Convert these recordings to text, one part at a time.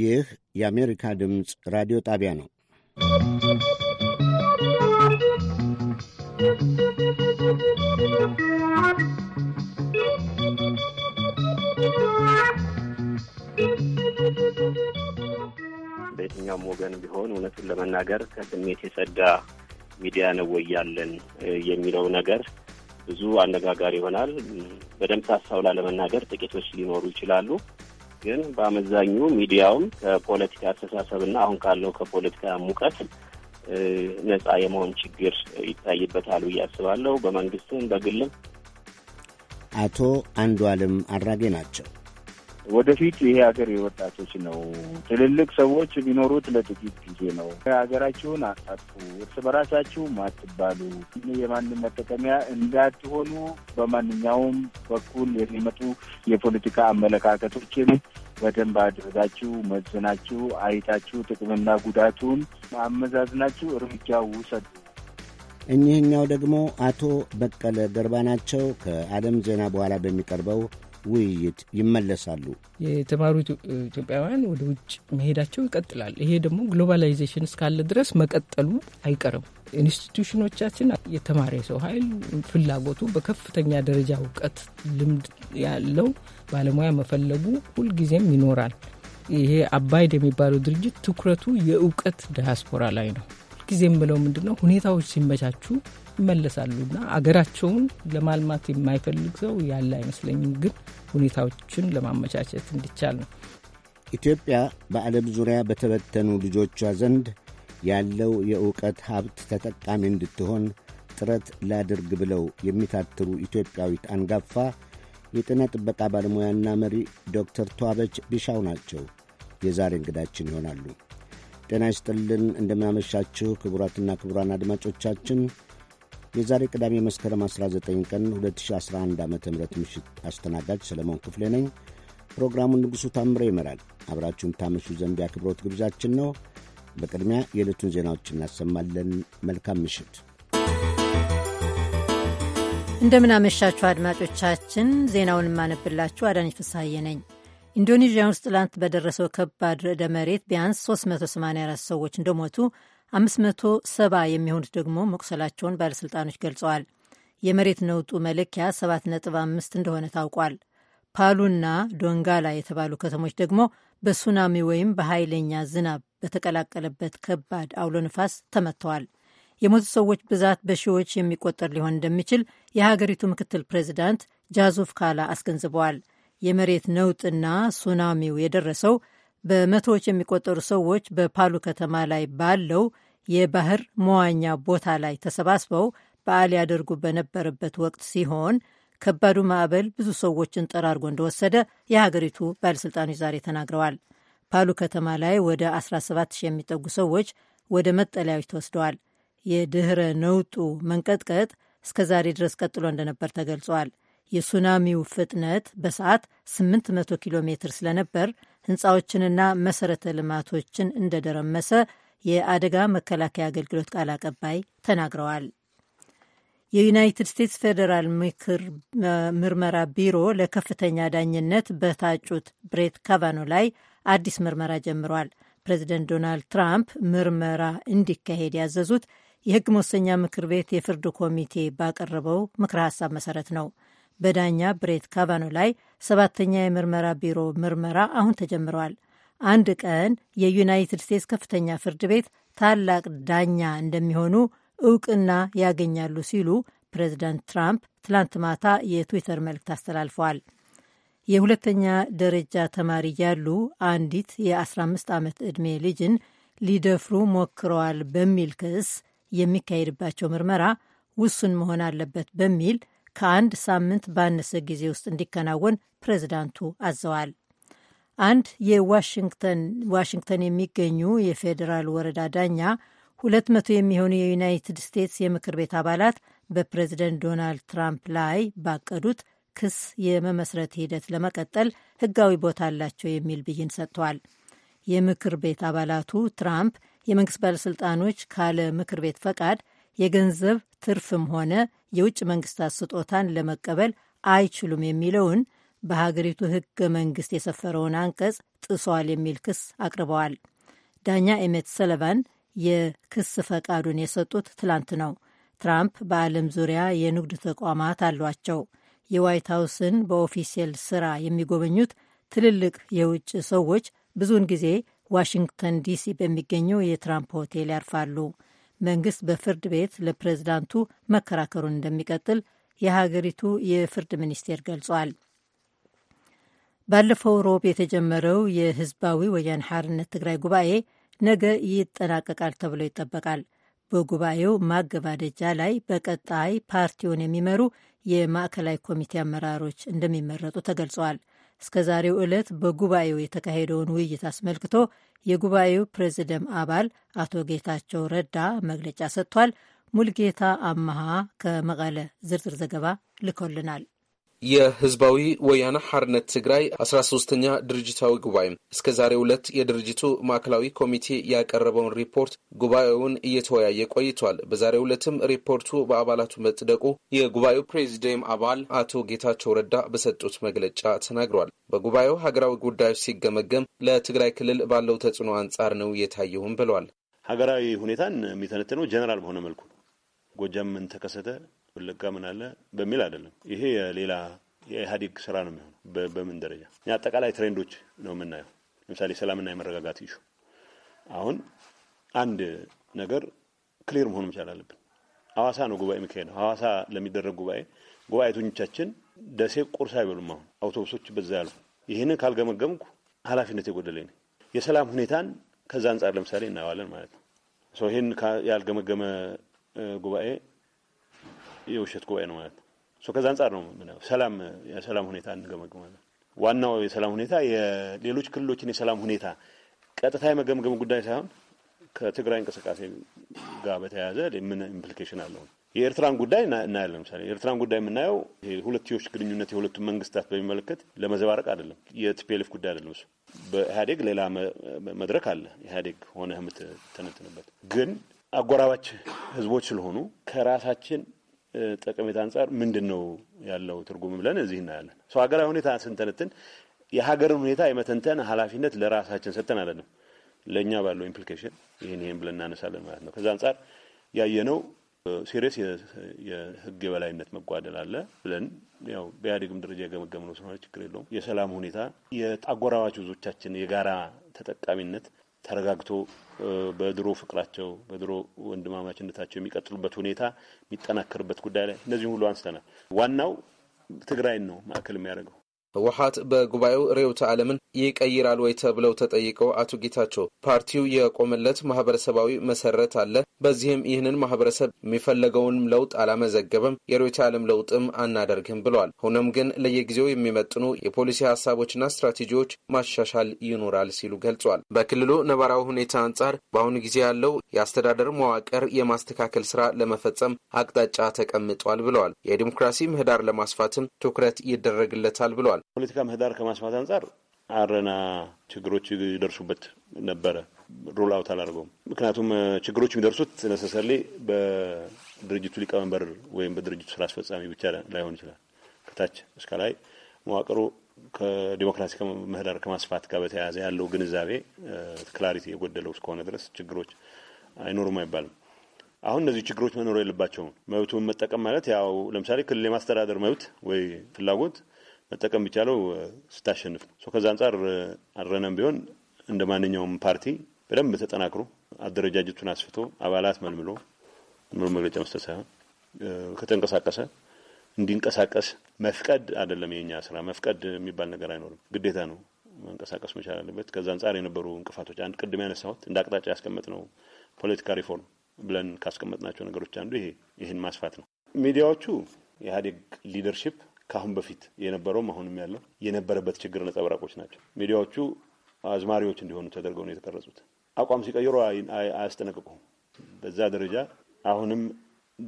ይህ የአሜሪካ ድምፅ ራዲዮ ጣቢያ ነው። በየትኛውም ወገን ቢሆን እውነቱን ለመናገር ከስሜት የጸዳ ሚዲያ ነው የሚለው ነገር ብዙ አነጋጋሪ ይሆናል። በደምብ ሳሳው ላለመናገር ጥቂቶች ሊኖሩ ይችላሉ። ግን በአመዛኙ ሚዲያውም ከፖለቲካ አስተሳሰብና አሁን ካለው ከፖለቲካ ሙቀት ነጻ የመሆን ችግር ይታይበታል ብዬ አስባለሁ። በመንግስትም በግልም። አቶ አንዱ አለም አራጌ ናቸው። ወደፊት ይሄ ሀገር የወጣቶች ነው። ትልልቅ ሰዎች የሚኖሩት ለጥቂት ጊዜ ነው። ሀገራችሁን አጣጥፉ፣ እርስ በራሳችሁም አትባሉ፣ የማንም መጠቀሚያ እንዳትሆኑ በማንኛውም በኩል የሚመጡ የፖለቲካ አመለካከቶችን በደንብ አድርጋችሁ መዝናችሁ አይታችሁ ጥቅምና ጉዳቱን አመዛዝናችሁ እርምጃ ውሰዱ። እኚህኛው ደግሞ አቶ በቀለ ገርባ ናቸው። ከዓለም ዜና በኋላ በሚቀርበው ውይይት ይመለሳሉ። የተማሩ ኢትዮጵያውያን ወደ ውጭ መሄዳቸው ይቀጥላል። ይሄ ደግሞ ግሎባላይዜሽን እስካለ ድረስ መቀጠሉ አይቀርም። ኢንስቲቱሽኖቻችን የተማረ ሰው ኃይል ፍላጎቱ በከፍተኛ ደረጃ እውቀት፣ ልምድ ያለው ባለሙያ መፈለጉ ሁልጊዜም ይኖራል። ይሄ አባይድ የሚባለው ድርጅት ትኩረቱ የእውቀት ዳያስፖራ ላይ ነው። ሁልጊዜም ብለው ምንድን ነው ሁኔታዎች ሲመቻቹ ይመለሳሉና አገራቸውን ለማልማት የማይፈልግ ሰው ያለ አይመስለኝም ግን ሁኔታዎችን ለማመቻቸት እንዲቻል ነው። ኢትዮጵያ በዓለም ዙሪያ በተበተኑ ልጆቿ ዘንድ ያለው የእውቀት ሀብት ተጠቃሚ እንድትሆን ጥረት ላድርግ ብለው የሚታትሩ ኢትዮጵያዊት አንጋፋ የጤና ጥበቃ ባለሙያና መሪ ዶክተር ተዋበች ቢሻው ናቸው የዛሬ እንግዳችን ይሆናሉ። ጤና ይስጥልን፣ እንደምናመሻችሁ ክቡራትና ክቡራን አድማጮቻችን የዛሬ ቅዳሜ መስከረም 19 ቀን 2011 ዓ ም ምሽት አስተናጋጅ ሰለሞን ክፍሌ ነኝ። ፕሮግራሙን ንጉሡ ታምረ ይመራል። አብራችሁን ታመሹ ዘንድ የአክብሮት ግብዣችን ነው። በቅድሚያ የዕለቱን ዜናዎች እናሰማለን። መልካም ምሽት፣ እንደምናመሻችሁ አድማጮቻችን። ዜናውን የማነብላችሁ አዳነች ፍስሐዬ ነኝ። ኢንዶኔዥያ ውስጥ ትላንት በደረሰው ከባድ ርዕደ መሬት ቢያንስ 384 ሰዎች እንደሞቱ 570 የሚሆኑት ደግሞ መቁሰላቸውን ባለሥልጣኖች ገልጸዋል። የመሬት ነውጡ መለኪያ 7.5 እንደሆነ ታውቋል። ፓሉና ዶንጋላ የተባሉ ከተሞች ደግሞ በሱናሚ ወይም በኃይለኛ ዝናብ በተቀላቀለበት ከባድ አውሎ ንፋስ ተመትተዋል። የሞቱ ሰዎች ብዛት በሺዎች የሚቆጠር ሊሆን እንደሚችል የሀገሪቱ ምክትል ፕሬዚዳንት ጃዙፍ ካላ አስገንዝበዋል። የመሬት ነውጥና ሱናሚው የደረሰው በመቶዎች የሚቆጠሩ ሰዎች በፓሉ ከተማ ላይ ባለው የባህር መዋኛ ቦታ ላይ ተሰባስበው በዓል ያደርጉ በነበረበት ወቅት ሲሆን ከባዱ ማዕበል ብዙ ሰዎችን ጠራርጎ እንደወሰደ የሀገሪቱ ባለሥልጣኖች ዛሬ ተናግረዋል። ፓሉ ከተማ ላይ ወደ 17 ሺህ የሚጠጉ ሰዎች ወደ መጠለያዎች ተወስደዋል። የድኅረ ነውጡ መንቀጥቀጥ እስከ ዛሬ ድረስ ቀጥሎ እንደነበር ተገልጿል። የሱናሚው ፍጥነት በሰዓት 800 ኪሎ ሜትር ስለነበር ህንፃዎችንና መሰረተ ልማቶችን እንደደረመሰ የአደጋ መከላከያ አገልግሎት ቃል አቀባይ ተናግረዋል። የዩናይትድ ስቴትስ ፌዴራል ምክር ምርመራ ቢሮ ለከፍተኛ ዳኝነት በታጩት ብሬት ካቫኖ ላይ አዲስ ምርመራ ጀምሯል። ፕሬዚደንት ዶናልድ ትራምፕ ምርመራ እንዲካሄድ ያዘዙት የህግ መወሰኛ ምክር ቤት የፍርድ ኮሚቴ ባቀረበው ምክረ ሀሳብ መሰረት ነው። በዳኛ ብሬት ካቫኖ ላይ ሰባተኛ የምርመራ ቢሮ ምርመራ አሁን ተጀምረዋል። አንድ ቀን የዩናይትድ ስቴትስ ከፍተኛ ፍርድ ቤት ታላቅ ዳኛ እንደሚሆኑ እውቅና ያገኛሉ ሲሉ ፕሬዚዳንት ትራምፕ ትላንት ማታ የትዊተር መልእክት አስተላልፈዋል። የሁለተኛ ደረጃ ተማሪ ያሉ አንዲት የ15 ዓመት ዕድሜ ልጅን ሊደፍሩ ሞክረዋል በሚል ክስ የሚካሄድባቸው ምርመራ ውሱን መሆን አለበት በሚል ከአንድ ሳምንት ባነሰ ጊዜ ውስጥ እንዲከናወን ፕሬዚዳንቱ አዘዋል። አንድ የዋሽንግተን የሚገኙ የፌዴራል ወረዳ ዳኛ ሁለት መቶ የሚሆኑ የዩናይትድ ስቴትስ የምክር ቤት አባላት በፕሬዝደንት ዶናልድ ትራምፕ ላይ ባቀዱት ክስ የመመስረት ሂደት ለመቀጠል ህጋዊ ቦታ አላቸው የሚል ብይን ሰጥተዋል። የምክር ቤት አባላቱ ትራምፕ የመንግስት ባለሥልጣኖች ካለ ምክር ቤት ፈቃድ የገንዘብ ትርፍም ሆነ የውጭ መንግስታት ስጦታን ለመቀበል አይችሉም የሚለውን በሀገሪቱ ህገ መንግስት የሰፈረውን አንቀጽ ጥሷል የሚል ክስ አቅርበዋል። ዳኛ ኤሜት ሰለቫን የክስ ፈቃዱን የሰጡት ትላንት ነው። ትራምፕ በዓለም ዙሪያ የንግድ ተቋማት አሏቸው። የዋይት ሀውስን በኦፊሴል ስራ የሚጎበኙት ትልልቅ የውጭ ሰዎች ብዙውን ጊዜ ዋሽንግተን ዲሲ በሚገኘው የትራምፕ ሆቴል ያርፋሉ። መንግስት በፍርድ ቤት ለፕሬዝዳንቱ መከራከሩን እንደሚቀጥል የሀገሪቱ የፍርድ ሚኒስቴር ገልጿል። ባለፈው ሮብ የተጀመረው የህዝባዊ ወያነ ሓርነት ትግራይ ጉባኤ ነገ ይጠናቀቃል ተብሎ ይጠበቃል። በጉባኤው ማገባደጃ ላይ በቀጣይ ፓርቲውን የሚመሩ የማዕከላዊ ኮሚቴ አመራሮች እንደሚመረጡ ተገልጿል። እስከ ዛሬው ዕለት በጉባኤው የተካሄደውን ውይይት አስመልክቶ የጉባኤው ፕሬዚደንት አባል አቶ ጌታቸው ረዳ መግለጫ ሰጥቷል። ሙልጌታ አመሃ ከመቀለ ዝርዝር ዘገባ ልኮልናል። የህዝባዊ ወያነ ሐርነት ትግራይ አስራ ሶስተኛ ድርጅታዊ ጉባኤ እስከ ዛሬ ሁለት የድርጅቱ ማዕከላዊ ኮሚቴ ያቀረበውን ሪፖርት ጉባኤውን እየተወያየ ቆይቷል። በዛሬ ሁለትም ሪፖርቱ በአባላቱ መጽደቁ የጉባኤው ፕሬዚደም አባል አቶ ጌታቸው ረዳ በሰጡት መግለጫ ተናግሯል። በጉባኤው ሀገራዊ ጉዳዮች ሲገመገም ለትግራይ ክልል ባለው ተጽዕኖ አንጻር ነው የታየውም ብሏል። ሀገራዊ ሁኔታን የሚተነትነው ጀነራል በሆነ መልኩ ጎጃም ምን ተከሰተ? ወለጋ ምን አለ በሚል አይደለም። ይሄ የሌላ የኢህአዴግ ስራ ነው የሚሆነው። በምን ደረጃ እኛ አጠቃላይ ትሬንዶች ነው የምናየው። ለምሳሌ ሰላምና የመረጋጋት ይሹ አሁን አንድ ነገር ክሊር መሆን መቻል አለብን። ሐዋሳ ነው ጉባኤ የሚካሄደው። ሐዋሳ ለሚደረግ ጉባኤ ጉባኤተኞቻችን ደሴ ቁርስ አይበሉም። አሁን አውቶቡሶች በዛ ያሉ። ይህንን ካልገመገምኩ ኃላፊነት የጎደለኝ ነው። የሰላም ሁኔታን ከዛ አንጻር ለምሳሌ እናየዋለን ማለት ነው። ሰው ይህን ያልገመገመ ጉባኤ የውሸት ጉባኤ ነው ማለት ነው። ከዛ አንጻር ነው ሰላም የሰላም ሁኔታ እንገመግማለን። ዋናው የሰላም ሁኔታ የሌሎች ክልሎችን የሰላም ሁኔታ ቀጥታ የመገምገም ጉዳይ ሳይሆን ከትግራይ እንቅስቃሴ ጋር በተያያዘ ምን ኢምፕሊኬሽን አለው። የኤርትራን ጉዳይ እናያለን። ለምሳሌ የኤርትራን ጉዳይ የምናየው የሁለትዮሽ ግንኙነት የሁለቱም መንግስታት በሚመለከት ለመዘባረቅ አይደለም። የቲፒኤልኤፍ ጉዳይ አይደለም። እሱ በኢህአዴግ ሌላ መድረክ አለ። ኢህአዴግ ሆነ የምትተነትንበት ግን አጎራባች ህዝቦች ስለሆኑ ከራሳችን ጠቀሜታ አንጻር ምንድን ነው ያለው ትርጉም ብለን እዚህ እናያለን። ሀገራዊ ሁኔታ ስንተነትን የሀገርን ሁኔታ የመተንተን ኃላፊነት ለራሳችን ሰጥተን አለንም። ለእኛ ባለው ኢምፕሊኬሽን ይህን ይህን ብለን እናነሳለን ማለት ነው። ከዛ አንጻር ያየነው ሲሪየስ የህግ የበላይነት መጓደል አለ ብለን ያው በኢህአዴግም ደረጃ የገመገምነው ስለሆነ ችግር የለውም። የሰላም ሁኔታ፣ የአጎራባች ህዝቦቻችን የጋራ ተጠቃሚነት ተረጋግቶ በድሮ ፍቅራቸው በድሮ ወንድማማችነታቸው የሚቀጥሉበት ሁኔታ የሚጠናከርበት ጉዳይ ላይ እነዚህም ሁሉ አንስተናል። ዋናው ትግራይን ነው ማዕከል የሚያደርገው ህወሓት በጉባኤው ርዕዮተ ዓለምን ይቀይራል ወይ ተብለው ተጠይቀው አቶ ጌታቸው ፓርቲው የቆመለት ማህበረሰባዊ መሰረት አለ፣ በዚህም ይህንን ማህበረሰብ የሚፈለገውን ለውጥ አላመዘገበም፣ የርዕዮተ ዓለም ለውጥም አናደርግም ብለዋል። ሆኖም ግን ለየጊዜው የሚመጥኑ የፖሊሲ ሀሳቦችና ስትራቴጂዎች ማሻሻል ይኖራል ሲሉ ገልጿል። በክልሉ ነባራዊ ሁኔታ አንጻር በአሁኑ ጊዜ ያለው የአስተዳደር መዋቅር የማስተካከል ስራ ለመፈጸም አቅጣጫ ተቀምጧል ብለዋል። የዲሞክራሲ ምህዳር ለማስፋትም ትኩረት ይደረግለታል ብለዋል። ተናግረዋል። ፖለቲካ ምህዳር ከማስፋት አንጻር አረና ችግሮች ይደርሱበት ነበረ ሮል አውት አላደርገውም። ምክንያቱም ችግሮች የሚደርሱት ነሰሰሌ በድርጅቱ ሊቀመንበር ወይም በድርጅቱ ስራ አስፈጻሚ ብቻ ላይሆን ይችላል። ከታች እስከ ላይ መዋቅሩ ከዲሞክራሲ ምህዳር ከማስፋት ጋር በተያያዘ ያለው ግንዛቤ ክላሪቲ የጎደለው እስከሆነ ድረስ ችግሮች አይኖሩም አይባልም። አሁን እነዚህ ችግሮች መኖር የለባቸውም። መብቱን መጠቀም ማለት ያው ለምሳሌ ክልል የማስተዳደር መብት ወይ ፍላጎት መጠቀም የሚቻለው ስታሸንፍ ነው። ከዛ አንጻር አድረነም ቢሆን እንደ ማንኛውም ፓርቲ በደንብ ተጠናክሮ አደረጃጀቱን አስፍቶ አባላት መልምሎ ምሎ መግለጫ መስጠት ሳይሆን ከተንቀሳቀሰ እንዲንቀሳቀስ መፍቀድ አይደለም የኛ ስራ። መፍቀድ የሚባል ነገር አይኖርም፣ ግዴታ ነው መንቀሳቀስ መቻል አለበት። ከዛ አንጻር የነበሩ እንቅፋቶች አንድ ቅድም ያነሳሁት እንደ አቅጣጫ ያስቀመጥ ነው ፖለቲካ ሪፎርም ብለን ካስቀመጥናቸው ነገሮች አንዱ ይሄ ይህን ማስፋት ነው። ሚዲያዎቹ የኢህአዴግ ሊደርሽፕ ከአሁን በፊት የነበረውም አሁንም ያለው የነበረበት ችግር ነጸብራቆች ናቸው። ሚዲያዎቹ አዝማሪዎች እንዲሆኑ ተደርገው ነው የተቀረጹት። አቋም ሲቀይሩ አያስጠነቅቁም። በዛ ደረጃ አሁንም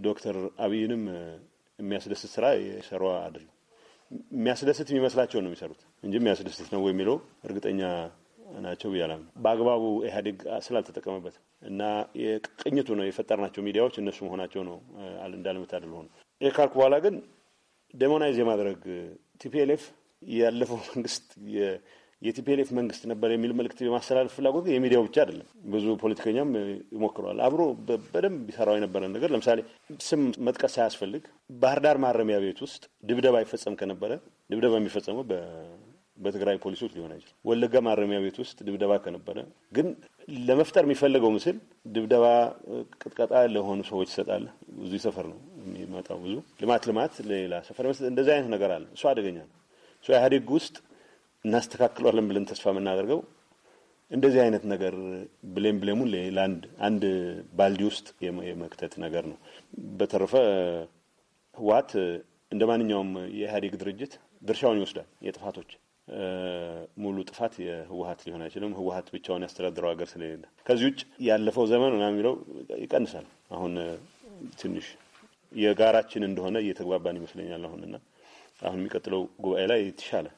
ዶክተር አብይንም የሚያስደስት ስራ የሰሩ አይደለም። የሚያስደስት የሚመስላቸው ነው የሚሰሩት እንጂ የሚያስደስት ነው የሚለው እርግጠኛ ናቸው ብያላም በአግባቡ ኢህአዴግ ስላልተጠቀመበት እና የቅኝቱ ነው የፈጠርናቸው ሚዲያዎች እነሱ መሆናቸው ነው እንዳለመታደል ሆነ። ይህ በኋላ ግን ደሞናይዝ የማድረግ ቲፒኤልኤፍ ያለፈው መንግስት የቲፒኤልኤፍ መንግስት ነበር የሚል መልእክት የማስተላለፍ ፍላጎት የሚዲያው ብቻ አይደለም። ብዙ ፖለቲከኛም ይሞክረዋል። አብሮ በደንብ ቢሰራው የነበረ ነገር ለምሳሌ ስም መጥቀስ ሳያስፈልግ ባህር ዳር ማረሚያ ቤት ውስጥ ድብደባ ይፈጸም ከነበረ ድብደባ የሚፈጸመው በትግራይ ፖሊሶች ሊሆን አይችል። ወለጋ ማረሚያ ቤት ውስጥ ድብደባ ከነበረ ግን ለመፍጠር የሚፈለገው ምስል ድብደባ፣ ቅጥቀጣ ለሆኑ ሰዎች ይሰጣል። ብዙ ይሰፈር ነው የሚመጣው ብዙ ልማት ልማት ሌላ ሰፈር መስጠት እንደዚህ አይነት ነገር አለ። እሱ አደገኛ ነው። እሱ ኢህአዴግ ውስጥ እናስተካክሏለን ብለን ተስፋ የምናደርገው እንደዚህ አይነት ነገር ብሌም ብሌሙን ለአንድ አንድ ባልዲ ውስጥ የመክተት ነገር ነው። በተረፈ ህወሓት እንደ ማንኛውም የኢህአዴግ ድርጅት ድርሻውን ይወስዳል። የጥፋቶች ሙሉ ጥፋት የህወሀት ሊሆን አይችልም። ህወሀት ብቻውን ያስተዳድረው ሀገር ስለሌለ ከዚህ ውጭ ያለፈው ዘመን ምናምን የሚለው ይቀንሳል። አሁን ትንሽ የጋራችን እንደሆነ እየተግባባን ይመስለኛል። አሁንና አሁን የሚቀጥለው ጉባኤ ላይ የተሻለ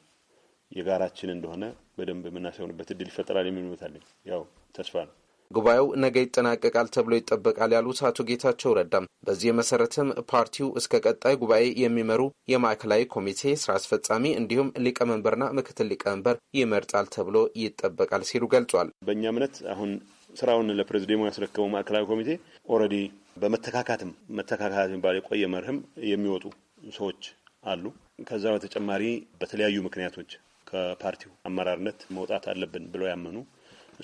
የጋራችን እንደሆነ በደንብ የምናሳውንበት እድል ይፈጠራል የሚል ያው ተስፋ ነው። ጉባኤው ነገ ይጠናቀቃል ተብሎ ይጠበቃል ያሉት አቶ ጌታቸው ረዳም በዚህ መሰረትም ፓርቲው እስከ ቀጣይ ጉባኤ የሚመሩ የማዕከላዊ ኮሚቴ ስራ አስፈጻሚ እንዲሁም ሊቀመንበርና ምክትል ሊቀመንበር ይመርጣል ተብሎ ይጠበቃል ሲሉ ገልጿል። በእኛ እምነት አሁን ስራውን ለፕሬዚደንቱ ያስረከበው ማዕከላዊ ኮሚቴ ኦልሬዲ በመተካካትም መተካካት የሚባለው የቆየ መርህም የሚወጡ ሰዎች አሉ። ከዛ በተጨማሪ በተለያዩ ምክንያቶች ከፓርቲው አመራርነት መውጣት አለብን ብለው ያመኑ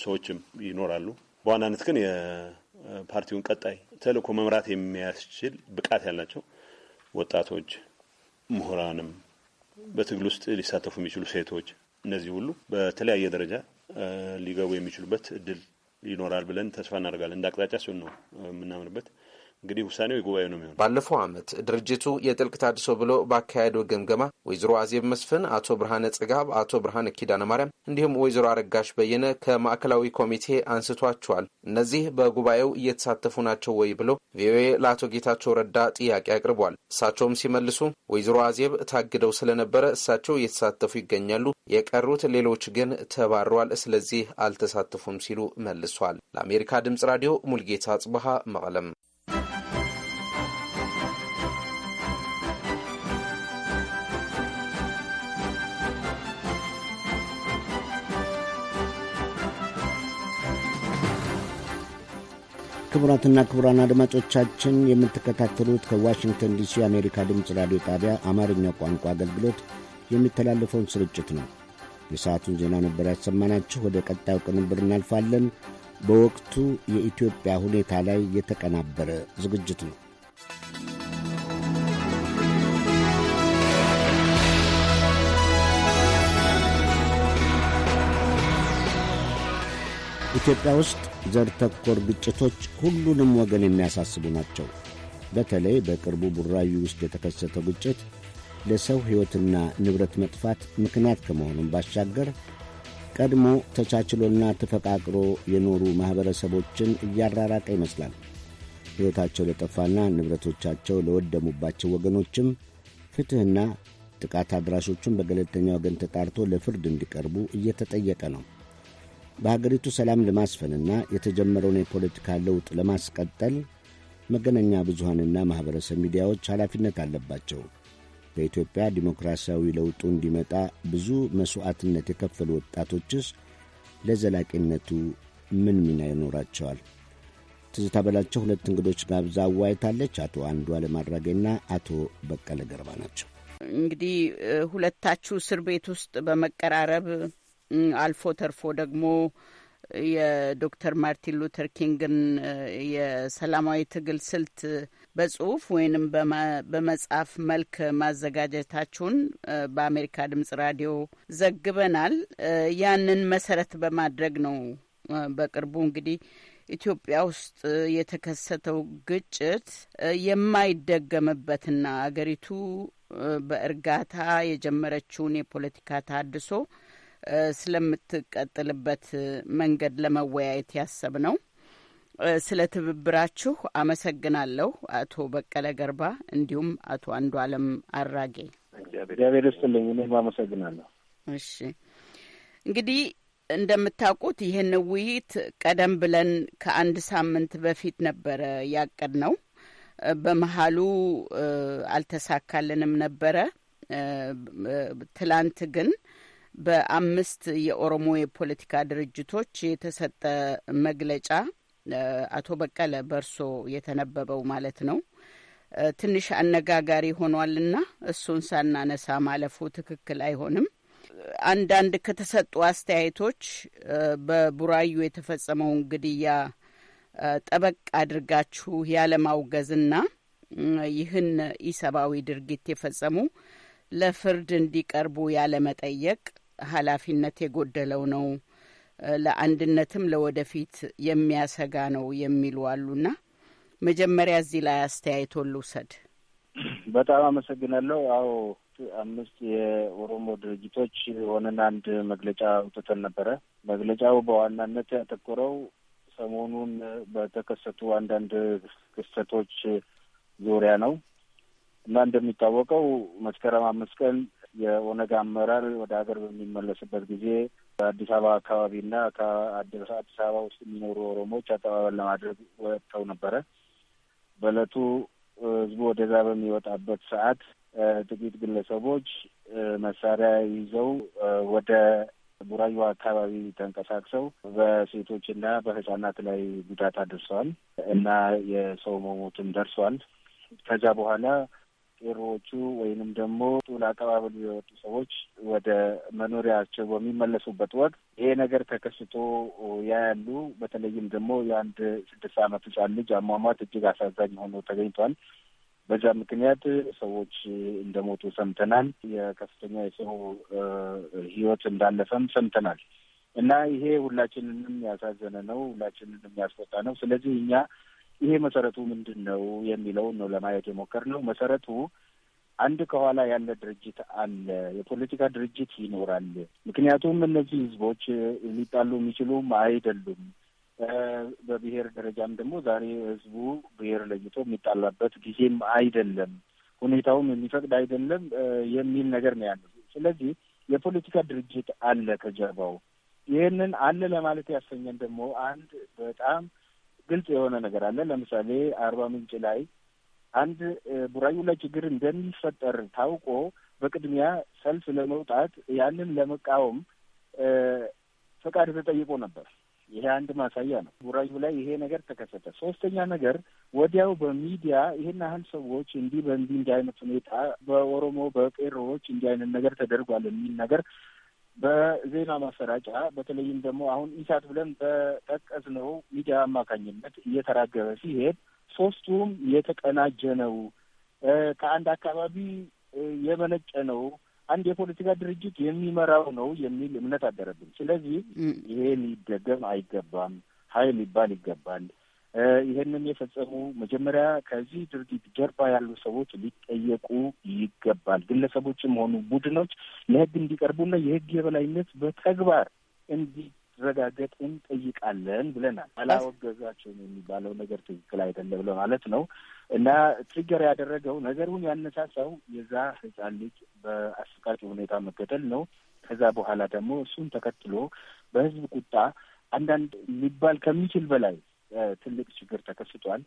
ሰዎችም ይኖራሉ። በዋናነት ግን የፓርቲውን ቀጣይ ተልእኮ መምራት የሚያስችል ብቃት ያላቸው ወጣቶች፣ ምሁራንም፣ በትግል ውስጥ ሊሳተፉ የሚችሉ ሴቶች፣ እነዚህ ሁሉ በተለያየ ደረጃ ሊገቡ የሚችሉበት እድል ይኖራል ብለን ተስፋ እናደርጋለን። እንደ አቅጣጫ ሲሆን ነው የምናምንበት። እንግዲህ ውሳኔው የጉባኤ ነው የሚሆነው። ባለፈው ዓመት ድርጅቱ የጥልቅ ታድሶ ብሎ ባካሄደው ግምገማ ወይዘሮ አዜብ መስፍን፣ አቶ ብርሃነ ጽጋብ፣ አቶ ብርሃነ ኪዳነ ማርያም እንዲሁም ወይዘሮ አረጋሽ በየነ ከማዕከላዊ ኮሚቴ አንስቷቸዋል። እነዚህ በጉባኤው እየተሳተፉ ናቸው ወይ ብሎ ቪኦኤ ለአቶ ጌታቸው ረዳ ጥያቄ አቅርቧል። እሳቸውም ሲመልሱ ወይዘሮ አዜብ ታግደው ስለነበረ እሳቸው እየተሳተፉ ይገኛሉ፣ የቀሩት ሌሎች ግን ተባረዋል፣ ስለዚህ አልተሳተፉም ሲሉ መልሷል። ለአሜሪካ ድምጽ ራዲዮ ሙልጌታ ጽብሃ መቀለም ክቡራትና ክቡራን አድማጮቻችን የምትከታተሉት ከዋሽንግተን ዲሲ የአሜሪካ ድምፅ ራዲዮ ጣቢያ አማርኛ ቋንቋ አገልግሎት የሚተላለፈውን ስርጭት ነው። የሰዓቱን ዜና ነበር ያሰማናችሁ። ወደ ቀጣዩ ቅንብር እናልፋለን። በወቅቱ የኢትዮጵያ ሁኔታ ላይ የተቀናበረ ዝግጅት ነው። ኢትዮጵያ ውስጥ ዘር ተኮር ግጭቶች ሁሉንም ወገን የሚያሳስቡ ናቸው። በተለይ በቅርቡ ቡራዩ ውስጥ የተከሰተው ግጭት ለሰው ሕይወትና ንብረት መጥፋት ምክንያት ከመሆኑም ባሻገር ቀድሞ ተቻችሎና ተፈቃቅሮ የኖሩ ማኅበረሰቦችን እያራራቀ ይመስላል። ሕይወታቸው ለጠፋና ንብረቶቻቸው ለወደሙባቸው ወገኖችም ፍትሕና ጥቃት አድራሾቹን በገለልተኛ ወገን ተጣርቶ ለፍርድ እንዲቀርቡ እየተጠየቀ ነው። በአገሪቱ ሰላም ለማስፈንና የተጀመረውን የፖለቲካ ለውጥ ለማስቀጠል መገናኛ ብዙሃንና ማኅበረሰብ ሚዲያዎች ኃላፊነት አለባቸው። በኢትዮጵያ ዲሞክራሲያዊ ለውጡ እንዲመጣ ብዙ መሥዋዕትነት የከፈሉ ወጣቶችስ ለዘላቂነቱ ምን ሚና ይኖራቸዋል? ትዝታ በላቸው ሁለት እንግዶች ጋብዛ አዋይታለች። አቶ አንዱ አለማድራጌና አቶ በቀለ ገርባ ናቸው። እንግዲህ ሁለታችሁ እስር ቤት ውስጥ በመቀራረብ አልፎ ተርፎ ደግሞ የዶክተር ማርቲን ሉተር ኪንግን የሰላማዊ ትግል ስልት በጽሁፍ ወይንም በመጽሐፍ መልክ ማዘጋጀታችሁን በአሜሪካ ድምጽ ራዲዮ ዘግበናል። ያንን መሰረት በማድረግ ነው። በቅርቡ እንግዲህ ኢትዮጵያ ውስጥ የተከሰተው ግጭት የማይደገምበትና አገሪቱ በእርጋታ የጀመረችውን የፖለቲካ ታድሶ ስለምትቀጥልበት መንገድ ለመወያየት ያሰብ ነው። ስለ ትብብራችሁ አመሰግናለሁ አቶ በቀለ ገርባ እንዲሁም አቶ አንዱ አለም አራጌ። እግዚአብሔር ይስጥልኝ። እኔም አመሰግናለሁ። እሺ እንግዲህ እንደምታውቁት ይህን ውይይት ቀደም ብለን ከአንድ ሳምንት በፊት ነበረ ያቀድ ነው። በመሀሉ አልተሳካልንም ነበረ። ትላንት ግን በአምስት የኦሮሞ የፖለቲካ ድርጅቶች የተሰጠ መግለጫ አቶ በቀለ በርሶ የተነበበው ማለት ነው ትንሽ አነጋጋሪ ሆኗልና እሱን ሳናነሳ ማለፉ ትክክል አይሆንም። አንዳንድ ከተሰጡ አስተያየቶች በቡራዩ የተፈጸመውን ግድያ ጠበቅ አድርጋችሁ ያለማውገዝና ይህን ኢሰብአዊ ድርጊት የፈጸሙ ለፍርድ እንዲቀርቡ ያለመጠየቅ ኃላፊነት የጎደለው ነው፣ ለአንድነትም ለወደፊት የሚያሰጋ ነው የሚሉ አሉና መጀመሪያ እዚህ ላይ አስተያየቶን ልውሰድ። በጣም አመሰግናለሁ። አዎ አምስት የኦሮሞ ድርጅቶች ሆነን አንድ መግለጫ አውጥተን ነበረ። መግለጫው በዋናነት ያተኮረው ሰሞኑን በተከሰቱ አንዳንድ ክስተቶች ዙሪያ ነው እና እንደሚታወቀው መስከረም አምስት ቀን የኦነግ አመራር ወደ ሀገር በሚመለስበት ጊዜ በአዲስ አበባ አካባቢና ከአዲስ አበባ ውስጥ የሚኖሩ ኦሮሞዎች አቀባበል ለማድረግ ወጥተው ነበረ። በእለቱ ህዝቡ ወደዛ በሚወጣበት ሰዓት ጥቂት ግለሰቦች መሳሪያ ይዘው ወደ ቡራዩ አካባቢ ተንቀሳቅሰው በሴቶችና በህጻናት ላይ ጉዳት አድርሰዋል እና የሰው መሞትም ደርሷል። ከዛ በኋላ ቄሮዎቹ ወይንም ደግሞ ለአቀባበሉ የወጡ ሰዎች ወደ መኖሪያቸው በሚመለሱበት ወቅት ይሄ ነገር ተከስቶ ያያሉ። በተለይም ደግሞ የአንድ ስድስት ዓመት ሕፃን ልጅ አሟሟት እጅግ አሳዛኝ ሆኖ ተገኝቷል። በዛ ምክንያት ሰዎች እንደሞቱ ሰምተናል። የከፍተኛ የሰው ሕይወት እንዳለፈም ሰምተናል እና ይሄ ሁላችንንም ያሳዘነ ነው፣ ሁላችንንም ያስቆጣ ነው። ስለዚህ እኛ ይሄ መሰረቱ ምንድን ነው የሚለውን ነው ለማየት የሞከርነው። መሰረቱ አንድ ከኋላ ያለ ድርጅት አለ፣ የፖለቲካ ድርጅት ይኖራል። ምክንያቱም እነዚህ ህዝቦች ሊጣሉ የሚችሉም አይደሉም። በብሔር ደረጃም ደግሞ ዛሬ ህዝቡ ብሔር ለይቶ የሚጣላበት ጊዜም አይደለም፣ ሁኔታውም የሚፈቅድ አይደለም የሚል ነገር ነው ያለ። ስለዚህ የፖለቲካ ድርጅት አለ ከጀርባው። ይህንን አለ ለማለት ያሰኘን ደግሞ አንድ በጣም ግልጽ የሆነ ነገር አለ። ለምሳሌ አርባ ምንጭ ላይ አንድ ቡራዩ ላይ ችግር እንደሚፈጠር ታውቆ በቅድሚያ ሰልፍ ለመውጣት ያንን ለመቃወም ፈቃድ ተጠይቆ ነበር። ይሄ አንድ ማሳያ ነው። ቡራዩ ላይ ይሄ ነገር ተከሰተ። ሶስተኛ ነገር ወዲያው በሚዲያ ይሄን ያህል ሰዎች እንዲህ በእንዲህ እንዲህ አይነት ሁኔታ በኦሮሞ በቄሮዎች እንዲህ አይነት ነገር ተደርጓል የሚል ነገር በዜና ማሰራጫ በተለይም ደግሞ አሁን ኢሳት ብለን በጠቀስነው ሚዲያ አማካኝነት እየተራገበ ሲሄድ ሶስቱም የተቀናጀ ነው፣ ከአንድ አካባቢ የመነጨ ነው፣ አንድ የፖለቲካ ድርጅት የሚመራው ነው የሚል እምነት አደረብን። ስለዚህ ይሄ ሊደገም አይገባም፣ ሀይል ሊባል ይገባል ይህንን የፈጸሙ መጀመሪያ ከዚህ ድርጊት ጀርባ ያሉ ሰዎች ሊጠየቁ ይገባል። ግለሰቦችም ሆኑ ቡድኖች ለሕግ እንዲቀርቡና የህግ የበላይነት በተግባር እንዲ ረጋገጥ እንጠይቃለን ብለናል። አላወገዛቸውም የሚባለው ነገር ትክክል አይደለም ለማለት ነው እና ትሪገር ያደረገው ነገሩን ያነሳሳው የዛ ህፃን ልጅ በአሰቃቂ ሁኔታ መገደል ነው። ከዛ በኋላ ደግሞ እሱን ተከትሎ በህዝብ ቁጣ አንዳንድ ሊባል ከሚችል በላይ ትልቅ ችግር ተከስቷል።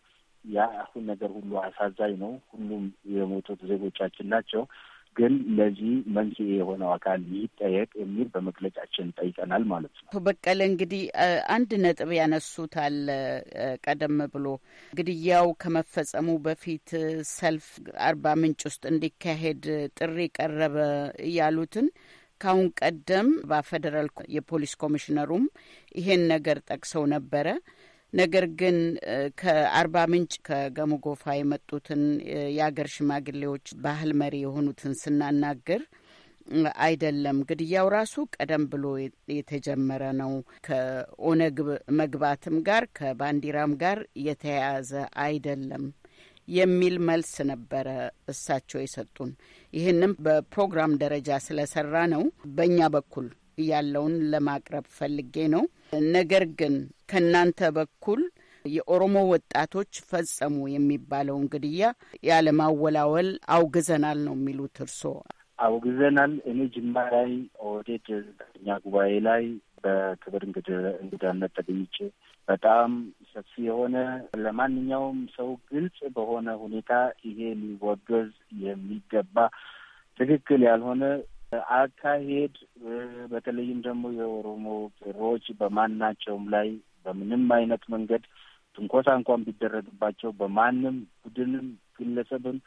ያ አሁን ነገር ሁሉ አሳዛኝ ነው። ሁሉም የሞቱት ዜጎቻችን ናቸው። ግን ለዚህ መንስኤ የሆነው አካል ይጠየቅ የሚል በመግለጫችን ጠይቀናል ማለት ነው። በቀለ እንግዲህ አንድ ነጥብ ያነሱታል። ቀደም ብሎ ግድያው ከመፈጸሙ በፊት ሰልፍ አርባ ምንጭ ውስጥ እንዲካሄድ ጥሪ ቀረበ ያሉትን ካሁን ቀደም በፌዴራል የፖሊስ ኮሚሽነሩም ይሄን ነገር ጠቅሰው ነበረ። ነገር ግን ከአርባ ምንጭ ከገሙ ጎፋ የመጡትን የአገር ሽማግሌዎች ባህል መሪ የሆኑትን ስናናግር አይደለም ግድያው ራሱ ቀደም ብሎ የተጀመረ ነው። ከኦነግ መግባትም ጋር ከባንዲራም ጋር የተያያዘ አይደለም የሚል መልስ ነበረ እሳቸው የሰጡን። ይህንም በፕሮግራም ደረጃ ስለሰራ ነው በእኛ በኩል ያለውን ለማቅረብ ፈልጌ ነው። ነገር ግን ከእናንተ በኩል የኦሮሞ ወጣቶች ፈጸሙ የሚባለውን ግድያ ያለማወላወል አውግዘናል ነው የሚሉት እርስዎ? አውግዘናል። እኔ ጅማ ላይ ኦህዴድ ጋዜጠኛ ጉባኤ ላይ በክብር እንግዳነት ተገኝቼ በጣም ሰፊ የሆነ ለማንኛውም ሰው ግልጽ በሆነ ሁኔታ ይሄ ሊወገዝ የሚገባ ትክክል ያልሆነ አካሄድ በተለይም ደግሞ የኦሮሞ ቄሮዎች በማናቸውም ላይ በምንም አይነት መንገድ ትንኮሳ እንኳን ቢደረግባቸው በማንም ቡድንም ግለሰብም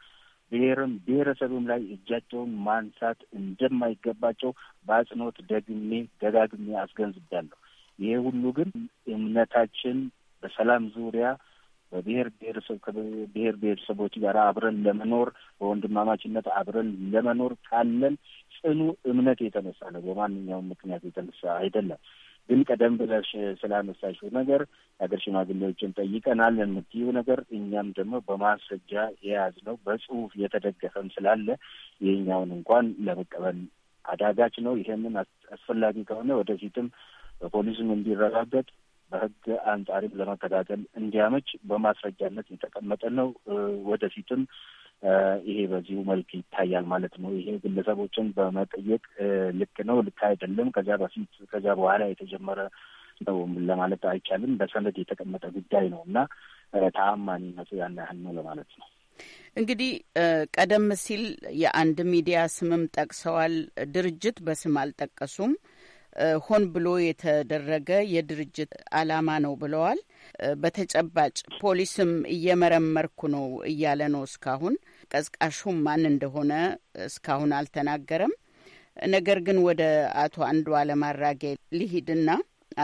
ብሔርም ብሔረሰብም ላይ እጃቸውን ማንሳት እንደማይገባቸው በአጽንኦት ደግሜ ደጋግሜ አስገንዝቤያለሁ። ይሄ ሁሉ ግን እምነታችን በሰላም ዙሪያ በብሔር ብሔረሰብ ከብሔር ብሔረሰቦች ጋር አብረን ለመኖር በወንድማማችነት አብረን ለመኖር ካለን ጽኑ እምነት የተነሳ ነው። በማንኛውም ምክንያት የተነሳ አይደለም። ግን ቀደም ብለሽ ስላነሳሽው ነገር የሀገር ሽማግሌዎችን ጠይቀናል የምትይው ነገር እኛም ደግሞ በማስረጃ የያዝነው በጽሁፍ የተደገፈም ስላለ ይህኛውን እንኳን ለመቀበል አዳጋች ነው። ይሄንን አስፈላጊ ከሆነ ወደፊትም በፖሊስም እንዲረጋገጥ በህግ አንጻሪም ለመከታተል እንዲያመች በማስረጃነት የተቀመጠ ነው። ወደፊትም ይሄ በዚሁ መልክ ይታያል ማለት ነው። ይሄ ግለሰቦችን በመጠየቅ ልክ ነው፣ ልክ አይደለም፣ ከዚያ በፊት ከዚያ በኋላ የተጀመረ ነው ለማለት አይቻልም። በሰነድ የተቀመጠ ጉዳይ ነው እና ተአማኒነቱ ያን ያህል ነው ለማለት ነው። እንግዲህ ቀደም ሲል የአንድ ሚዲያ ስምም ጠቅሰዋል። ድርጅት በስም አልጠቀሱም። ሆን ብሎ የተደረገ የድርጅት አላማ ነው ብለዋል። በተጨባጭ ፖሊስም እየመረመርኩ ነው እያለ ነው። እስካሁን ቀዝቃሹም ማን እንደሆነ እስካሁን አልተናገረም። ነገር ግን ወደ አቶ አንዱ አለም አራጌ ሊሂድና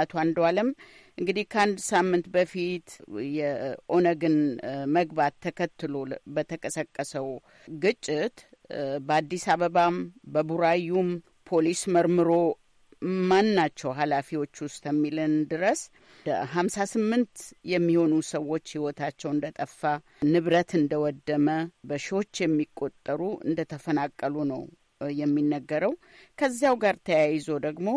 አቶ አንዱ አለም እንግዲህ ከአንድ ሳምንት በፊት የኦነግን መግባት ተከትሎ በተቀሰቀሰው ግጭት በአዲስ አበባም በቡራዩም ፖሊስ መርምሮ ማን ናቸው ኃላፊዎች ውስጥ የሚልን ድረስ ሀምሳ ስምንት የሚሆኑ ሰዎች ህይወታቸው እንደጠፋ፣ ንብረት እንደወደመ፣ በሺዎች የሚቆጠሩ እንደተፈናቀሉ ነው የሚነገረው። ከዚያው ጋር ተያይዞ ደግሞ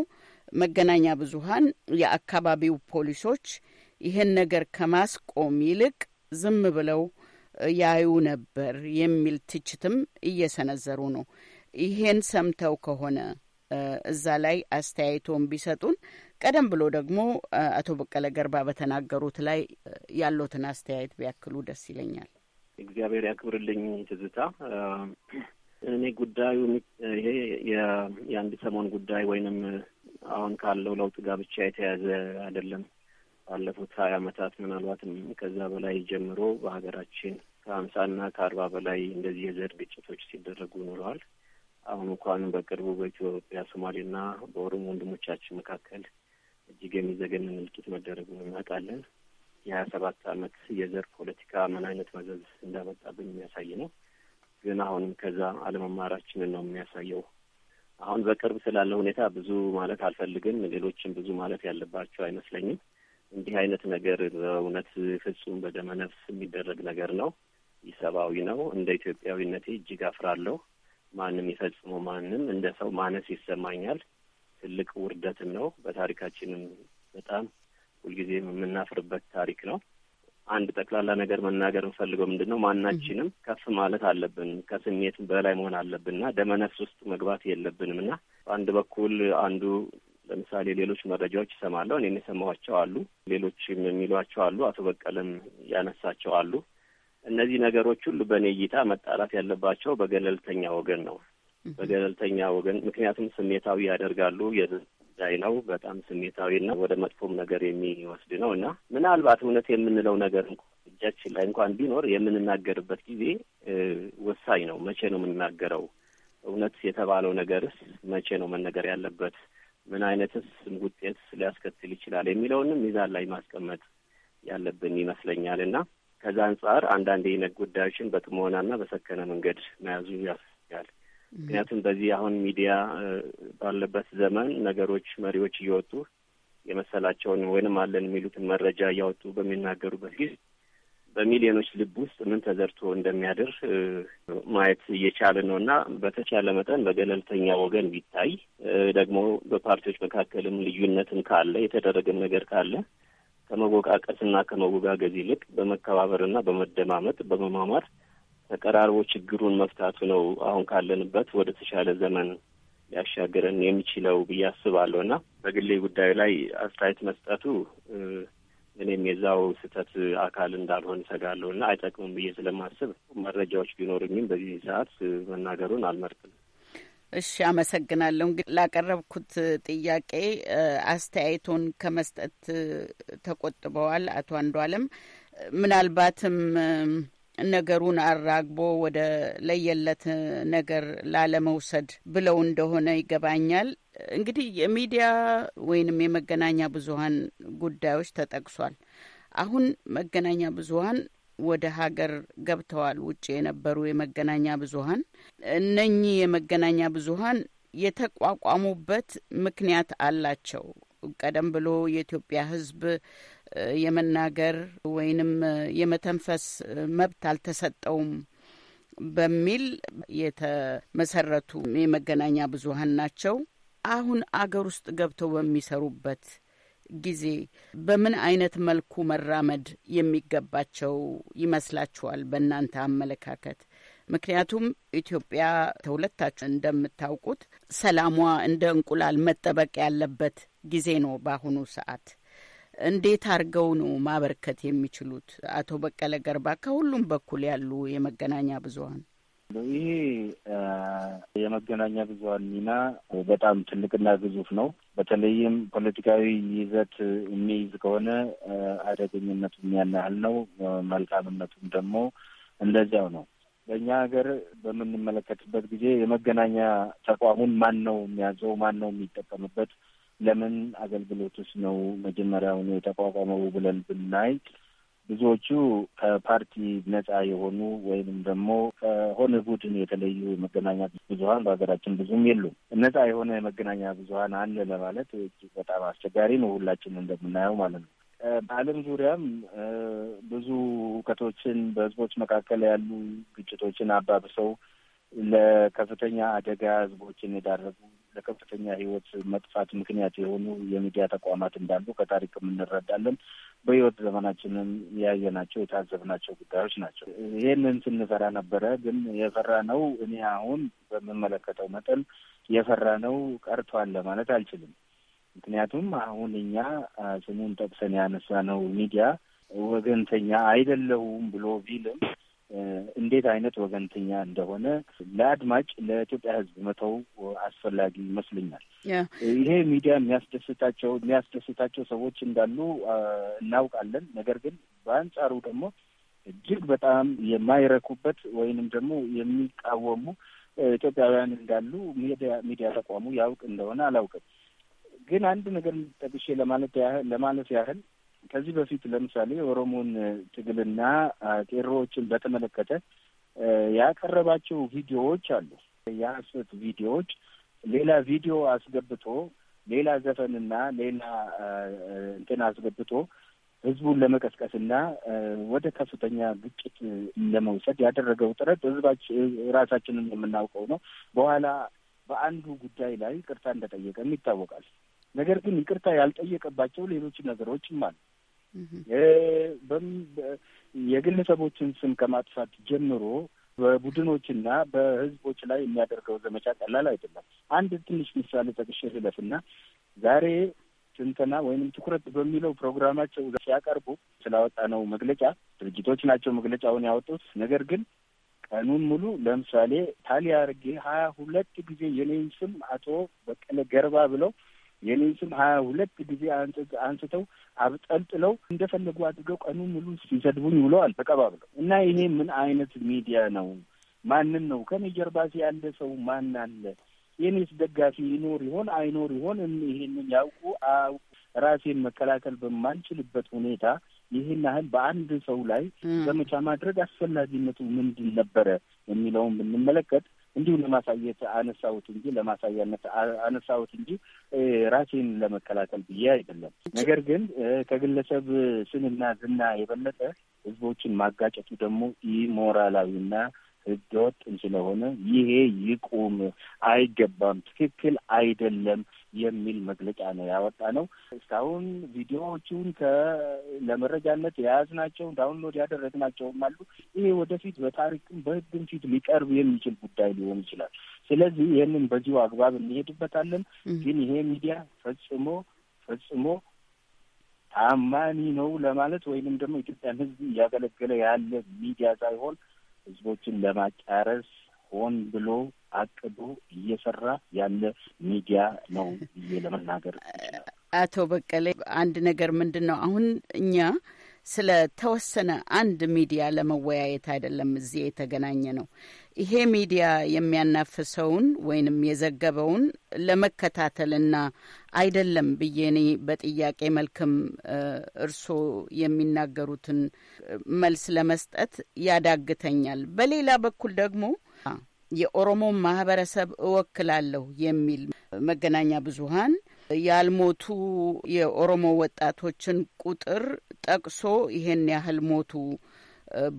መገናኛ ብዙሃን የአካባቢው ፖሊሶች ይህን ነገር ከማስቆም ይልቅ ዝም ብለው ያዩ ነበር የሚል ትችትም እየሰነዘሩ ነው። ይሄን ሰምተው ከሆነ እዛ ላይ አስተያየቶን ቢሰጡን፣ ቀደም ብሎ ደግሞ አቶ በቀለ ገርባ በተናገሩት ላይ ያለትን አስተያየት ቢያክሉ ደስ ይለኛል። እግዚአብሔር ያክብርልኝ ትዝታ። እኔ ጉዳዩ ይሄ የአንድ ሰሞን ጉዳይ ወይንም አሁን ካለው ለውጥ ጋር ብቻ የተያዘ አይደለም። ባለፉት ሀያ ዓመታት ምናልባትም ከዛ በላይ ጀምሮ በሀገራችን ከሀምሳና ከአርባ በላይ እንደዚህ የዘር ግጭቶች ሲደረጉ ኑረዋል። አሁን እንኳን በቅርቡ በኢትዮጵያ ሶማሌና በኦሮሞ ወንድሞቻችን መካከል እጅግ የሚዘገንን እልቂት መደረጉ እናውቃለን። የሀያ ሰባት አመት የዘር ፖለቲካ ምን አይነት መዘዝ እንዳመጣብን የሚያሳይ ነው። ግን አሁንም ከዛ አለመማራችንን ነው የሚያሳየው። አሁን በቅርብ ስላለ ሁኔታ ብዙ ማለት አልፈልግም። ሌሎችም ብዙ ማለት ያለባቸው አይመስለኝም። እንዲህ አይነት ነገር በእውነት ፍጹም በደመነፍስ የሚደረግ ነገር ነው። ኢሰብአዊ ነው። እንደ ኢትዮጵያዊነቴ እጅግ አፍራለሁ። ማንም ይፈጽሙ ማንም እንደ ሰው ማነስ ይሰማኛል። ትልቅ ውርደትም ነው። በታሪካችንም በጣም ሁልጊዜ የምናፍርበት ታሪክ ነው። አንድ ጠቅላላ ነገር መናገር የምፈልገው ምንድን ነው፣ ማናችንም ከፍ ማለት አለብን። ከስሜት በላይ መሆን አለብንና ደመነፍስ ውስጥ መግባት የለብንም እና በአንድ በኩል አንዱ ለምሳሌ ሌሎች መረጃዎች ይሰማለሁ። እኔም የሰማኋቸው አሉ፣ ሌሎችም የሚሏቸው አሉ፣ አቶ በቀለም ያነሳቸው አሉ። እነዚህ ነገሮች ሁሉ በእኔ እይታ መጣላት ያለባቸው በገለልተኛ ወገን ነው። በገለልተኛ ወገን ምክንያቱም ስሜታዊ ያደርጋሉ። የህዝብ ነው። በጣም ስሜታዊና ወደ መጥፎም ነገር የሚወስድ ነው እና ምናልባት እውነት የምንለው ነገር እጃችን ላይ እንኳን ቢኖር የምንናገርበት ጊዜ ወሳኝ ነው። መቼ ነው የምንናገረው? እውነት የተባለው ነገርስ መቼ ነው መነገር ያለበት? ምን አይነትስ ውጤት ሊያስከትል ይችላል የሚለውንም ሚዛን ላይ ማስቀመጥ ያለብን ይመስለኛል እና ከዛ አንጻር አንዳንድ የነት ጉዳዮችን በጥሞናና በሰከነ መንገድ መያዙ ያስፈልጋል። ምክንያቱም በዚህ አሁን ሚዲያ ባለበት ዘመን ነገሮች መሪዎች እየወጡ የመሰላቸውን ወይንም አለን የሚሉትን መረጃ እያወጡ በሚናገሩበት ጊዜ በሚሊዮኖች ልብ ውስጥ ምን ተዘርቶ እንደሚያድር ማየት እየቻለ ነው እና በተቻለ መጠን በገለልተኛ ወገን ቢታይ ደግሞ በፓርቲዎች መካከልም ልዩነትም ካለ የተደረገም ነገር ካለ ከመወቃቀስና ከመወጋገዝ ይልቅ በመከባበርና በመደማመጥ በመማማር ተቀራርቦ ችግሩን መፍታቱ ነው አሁን ካለንበት ወደ ተሻለ ዘመን ሊያሻገረን የሚችለው ብዬ አስባለሁ እና በግሌ ጉዳዩ ላይ አስተያየት መስጠቱ እኔም የዛው ስህተት አካል እንዳልሆን እሰጋለሁ እና አይጠቅምም ብዬ ስለማስብ መረጃዎች ቢኖርኝም በዚህ ሰዓት መናገሩን አልመርጥም። እሺ፣ አመሰግናለሁ። እንግዲህ ላቀረብኩት ጥያቄ አስተያየቶን ከመስጠት ተቆጥበዋል አቶ አንዷለም። ምናልባትም ነገሩን አራግቦ ወደ ለየለት ነገር ላለመውሰድ ብለው እንደሆነ ይገባኛል። እንግዲህ የሚዲያ ወይንም የመገናኛ ብዙኃን ጉዳዮች ተጠቅሷል። አሁን መገናኛ ብዙኃን ወደ ሀገር ገብተዋል ውጭ የነበሩ የመገናኛ ብዙሀን። እነኚህ የመገናኛ ብዙሀን የተቋቋሙበት ምክንያት አላቸው። ቀደም ብሎ የኢትዮጵያ ሕዝብ የመናገር ወይንም የመተንፈስ መብት አልተሰጠውም በሚል የተመሰረቱ የመገናኛ ብዙሀን ናቸው። አሁን አገር ውስጥ ገብተው በሚሰሩበት ጊዜ በምን አይነት መልኩ መራመድ የሚገባቸው ይመስላችኋል በእናንተ አመለካከት? ምክንያቱም ኢትዮጵያ ተሁለታችሁ እንደምታውቁት ሰላሟ እንደ እንቁላል መጠበቅ ያለበት ጊዜ ነው በአሁኑ ሰዓት። እንዴት አድርገው ነው ማበርከት የሚችሉት? አቶ በቀለ ገርባ ከሁሉም በኩል ያሉ የመገናኛ ብዙኃን ይሄ የመገናኛ ብዙሀን ሚና በጣም ትልቅና ግዙፍ ነው። በተለይም ፖለቲካዊ ይዘት የሚይዝ ከሆነ አደገኝነቱም ያን ያህል ነው። መልካምነቱም ደግሞ እንደዚያው ነው። በእኛ ሀገር በምንመለከትበት ጊዜ የመገናኛ ተቋሙን ማን ነው የሚያዘው? ማን ነው የሚጠቀምበት? ለምን አገልግሎትስ ነው መጀመሪያውኑ የተቋቋመው ብለን ብናይ ብዙዎቹ ከፓርቲ ነጻ የሆኑ ወይንም ደግሞ ከሆነ ቡድን የተለዩ የመገናኛ ብዙሀን በሀገራችን ብዙም የሉም። ነጻ የሆነ የመገናኛ ብዙሀን አለ ለማለት እጅግ በጣም አስቸጋሪ ነው፣ ሁላችን እንደምናየው ማለት ነው። በዓለም ዙሪያም ብዙ እውቀቶችን በህዝቦች መካከል ያሉ ግጭቶችን አባብሰው ለከፍተኛ አደጋ ህዝቦችን የዳረጉ ለከፍተኛ ህይወት መጥፋት ምክንያት የሆኑ የሚዲያ ተቋማት እንዳሉ ከታሪክም እንረዳለን። በህይወት ዘመናችንም ያየናቸው የታዘብናቸው ጉዳዮች ናቸው። ይህንን ስንፈራ ነበረ። ግን የፈራ ነው እኔ አሁን በምመለከተው መጠን የፈራ ነው ቀርቷል ለማለት አልችልም። ምክንያቱም አሁን እኛ ስሙን ጠቅሰን ያነሳ ነው ሚዲያ ወገንተኛ አይደለሁም ብሎ ቢልም እንዴት አይነት ወገንተኛ እንደሆነ ለአድማጭ ለኢትዮጵያ ሕዝብ መተው አስፈላጊ ይመስለኛል። ይሄ ሚዲያ የሚያስደስታቸው የሚያስደስታቸው ሰዎች እንዳሉ እናውቃለን። ነገር ግን በአንጻሩ ደግሞ እጅግ በጣም የማይረኩበት ወይንም ደግሞ የሚቃወሙ ኢትዮጵያውያን እንዳሉ ሚዲያ ተቋሙ ያውቅ እንደሆነ አላውቅም። ግን አንድ ነገር ጠቅሼ ለማለት ያህል ለማለት ያህል ከዚህ በፊት ለምሳሌ የኦሮሞን ትግልና ቄሮዎችን በተመለከተ ያቀረባቸው ቪዲዮዎች አሉ። የሀሰት ቪዲዮዎች ሌላ ቪዲዮ አስገብቶ ሌላ ዘፈንና ሌላ እንትን አስገብቶ ህዝቡን ለመቀስቀስና ወደ ከፍተኛ ግጭት ለመውሰድ ያደረገው ጥረት ህዝባችን ራሳችንን የምናውቀው ነው። በኋላ በአንዱ ጉዳይ ላይ ይቅርታ እንደጠየቀም ይታወቃል። ነገር ግን ይቅርታ ያልጠየቀባቸው ሌሎች ነገሮችም አሉ። የግለሰቦችን ስም ከማጥፋት ጀምሮ በቡድኖችና በህዝቦች ላይ የሚያደርገው ዘመቻ ቀላል አይደለም። አንድ ትንሽ ምሳሌ ጠቅሼ ልለፍና ዛሬ ትንተና ወይንም ትኩረት በሚለው ፕሮግራማቸው ሲያቀርቡ ስላወጣ ነው መግለጫ ድርጅቶች ናቸው መግለጫውን ያወጡት። ነገር ግን ቀኑን ሙሉ ለምሳሌ ታሊያ አርጌ ሀያ ሁለት ጊዜ የኔን ስም አቶ በቀለ ገርባ ብለው የኔን ስም ሀያ ሁለት ጊዜ አንስተው አብጠልጥለው እንደፈለጉ አድርገው ቀኑን ሙሉ ሲሰድቡኝ ውለዋል ተቀባብለው እና ይሄ ምን አይነት ሚዲያ ነው? ማንን ነው ከኔ ጀርባሲ ያለ ሰው ማን አለ? የኔስ ደጋፊ ይኖር ይሆን አይኖር ይሆን? ይሄንን ያውቁ ራሴን መከላከል በማንችልበት ሁኔታ ይህን ያህል በአንድ ሰው ላይ ዘመቻ ማድረግ አስፈላጊነቱ ምንድን ነበረ የሚለውን ብንመለከት እንዲሁ ለማሳየት አነሳሁት እንጂ ለማሳያነት አነሳሁት እንጂ ራሴን ለመከላከል ብዬ አይደለም። ነገር ግን ከግለሰብ ስምና ዝና የበለጠ ህዝቦችን ማጋጨቱ ደግሞ ኢሞራላዊና ህገወጥም ስለሆነ ይሄ ይቁም፣ አይገባም፣ ትክክል አይደለም የሚል መግለጫ ነው ያወጣ ነው። እስካሁን ቪዲዮዎቹን ለመረጃነት የያዝናቸው ዳውንሎድ ያደረግናቸውም አሉ። ይሄ ወደፊት በታሪክም በሕግም ፊት ሊቀርብ የሚችል ጉዳይ ሊሆን ይችላል። ስለዚህ ይህንን በዚሁ አግባብ እንሄድበታለን። ግን ይሄ ሚዲያ ፈጽሞ ፈጽሞ ታማኒ ነው ለማለት ወይንም ደግሞ ኢትዮጵያን ሕዝብ እያገለገለ ያለ ሚዲያ ሳይሆን ሕዝቦችን ለማጫረስ ሆን ብሎ አቅዶ እየሰራ ያለ ሚዲያ ነው ብዬ ለመናገር አቶ በቀለ አንድ ነገር ምንድን ነው አሁን እኛ ስለ ተወሰነ አንድ ሚዲያ ለመወያየት አይደለም እዚህ የተገናኘ ነው። ይሄ ሚዲያ የሚያናፍሰውን ወይንም የዘገበውን ለመከታተልና አይደለም ብዬ እኔ በጥያቄ መልክም እርስዎ የሚናገሩትን መልስ ለመስጠት ያዳግተኛል። በሌላ በኩል ደግሞ የኦሮሞ ማህበረሰብ እወክላለሁ የሚል መገናኛ ብዙሃን ያልሞቱ የኦሮሞ ወጣቶችን ቁጥር ጠቅሶ ይሄን ያህል ሞቱ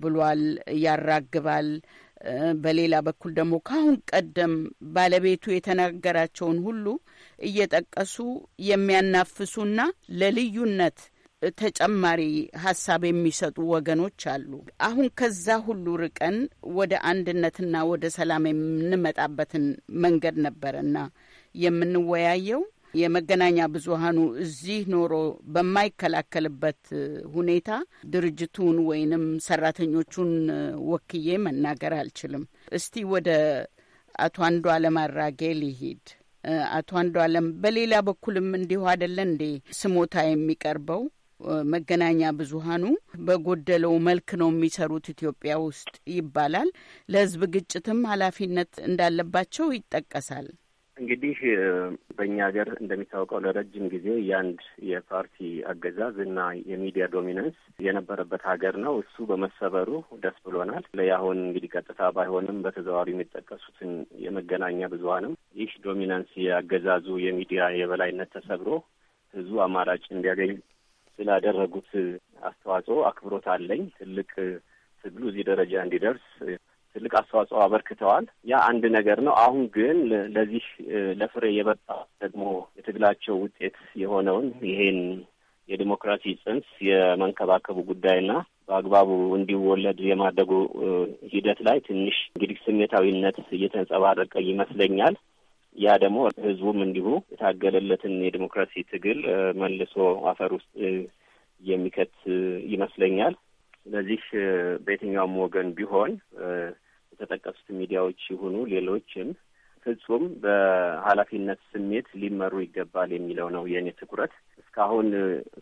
ብሏል፣ ያራግባል። በሌላ በኩል ደግሞ ከአሁን ቀደም ባለቤቱ የተናገራቸውን ሁሉ እየጠቀሱ የሚያናፍሱና ለልዩነት ተጨማሪ ሀሳብ የሚሰጡ ወገኖች አሉ። አሁን ከዛ ሁሉ ርቀን ወደ አንድነትና ወደ ሰላም የምንመጣበትን መንገድ ነበረና የምንወያየው የመገናኛ ብዙሃኑ እዚህ ኖሮ በማይከላከልበት ሁኔታ ድርጅቱን ወይንም ሰራተኞቹን ወክዬ መናገር አልችልም። እስቲ ወደ አቶ አንዱ አለም አራጌ ሊሂድ። አቶ አንዱ አለም በሌላ በኩልም እንዲሁ አይደለ እንዴ ስሞታ የሚቀርበው መገናኛ ብዙሃኑ በጎደለው መልክ ነው የሚሰሩት ኢትዮጵያ ውስጥ ይባላል። ለህዝብ ግጭትም ኃላፊነት እንዳለባቸው ይጠቀሳል። እንግዲህ በእኛ ሀገር እንደሚታወቀው ለረጅም ጊዜ የአንድ የፓርቲ አገዛዝ እና የሚዲያ ዶሚናንስ የነበረበት ሀገር ነው። እሱ በመሰበሩ ደስ ብሎናል። ለያሁን እንግዲህ ቀጥታ ባይሆንም በተዘዋዋሪ የሚጠቀሱትን የመገናኛ ብዙሀንም ይህ ዶሚናንስ የአገዛዙ የሚዲያ የበላይነት ተሰብሮ ህዝቡ አማራጭ እንዲያገኝ ስላደረጉት አስተዋጽኦ አክብሮት አለኝ። ትልቅ ትግሉ እዚህ ደረጃ እንዲደርስ ትልቅ አስተዋጽኦ አበርክተዋል። ያ አንድ ነገር ነው። አሁን ግን ለዚህ ለፍሬ የበጣ ደግሞ የትግላቸው ውጤት የሆነውን ይሄን የዲሞክራሲ ጽንስ የመንከባከቡ ጉዳይና በአግባቡ እንዲወለድ የማድረጉ ሂደት ላይ ትንሽ እንግዲህ ስሜታዊነት እየተንጸባረቀ ይመስለኛል። ያ ደግሞ ህዝቡም እንዲሁ የታገለለትን የዲሞክራሲ ትግል መልሶ አፈር ውስጥ የሚከት ይመስለኛል። ስለዚህ በየትኛውም ወገን ቢሆን የተጠቀሱት ሚዲያዎች ይሁኑ ሌሎችም ፍጹም በኃላፊነት ስሜት ሊመሩ ይገባል የሚለው ነው የእኔ ትኩረት። እስካሁን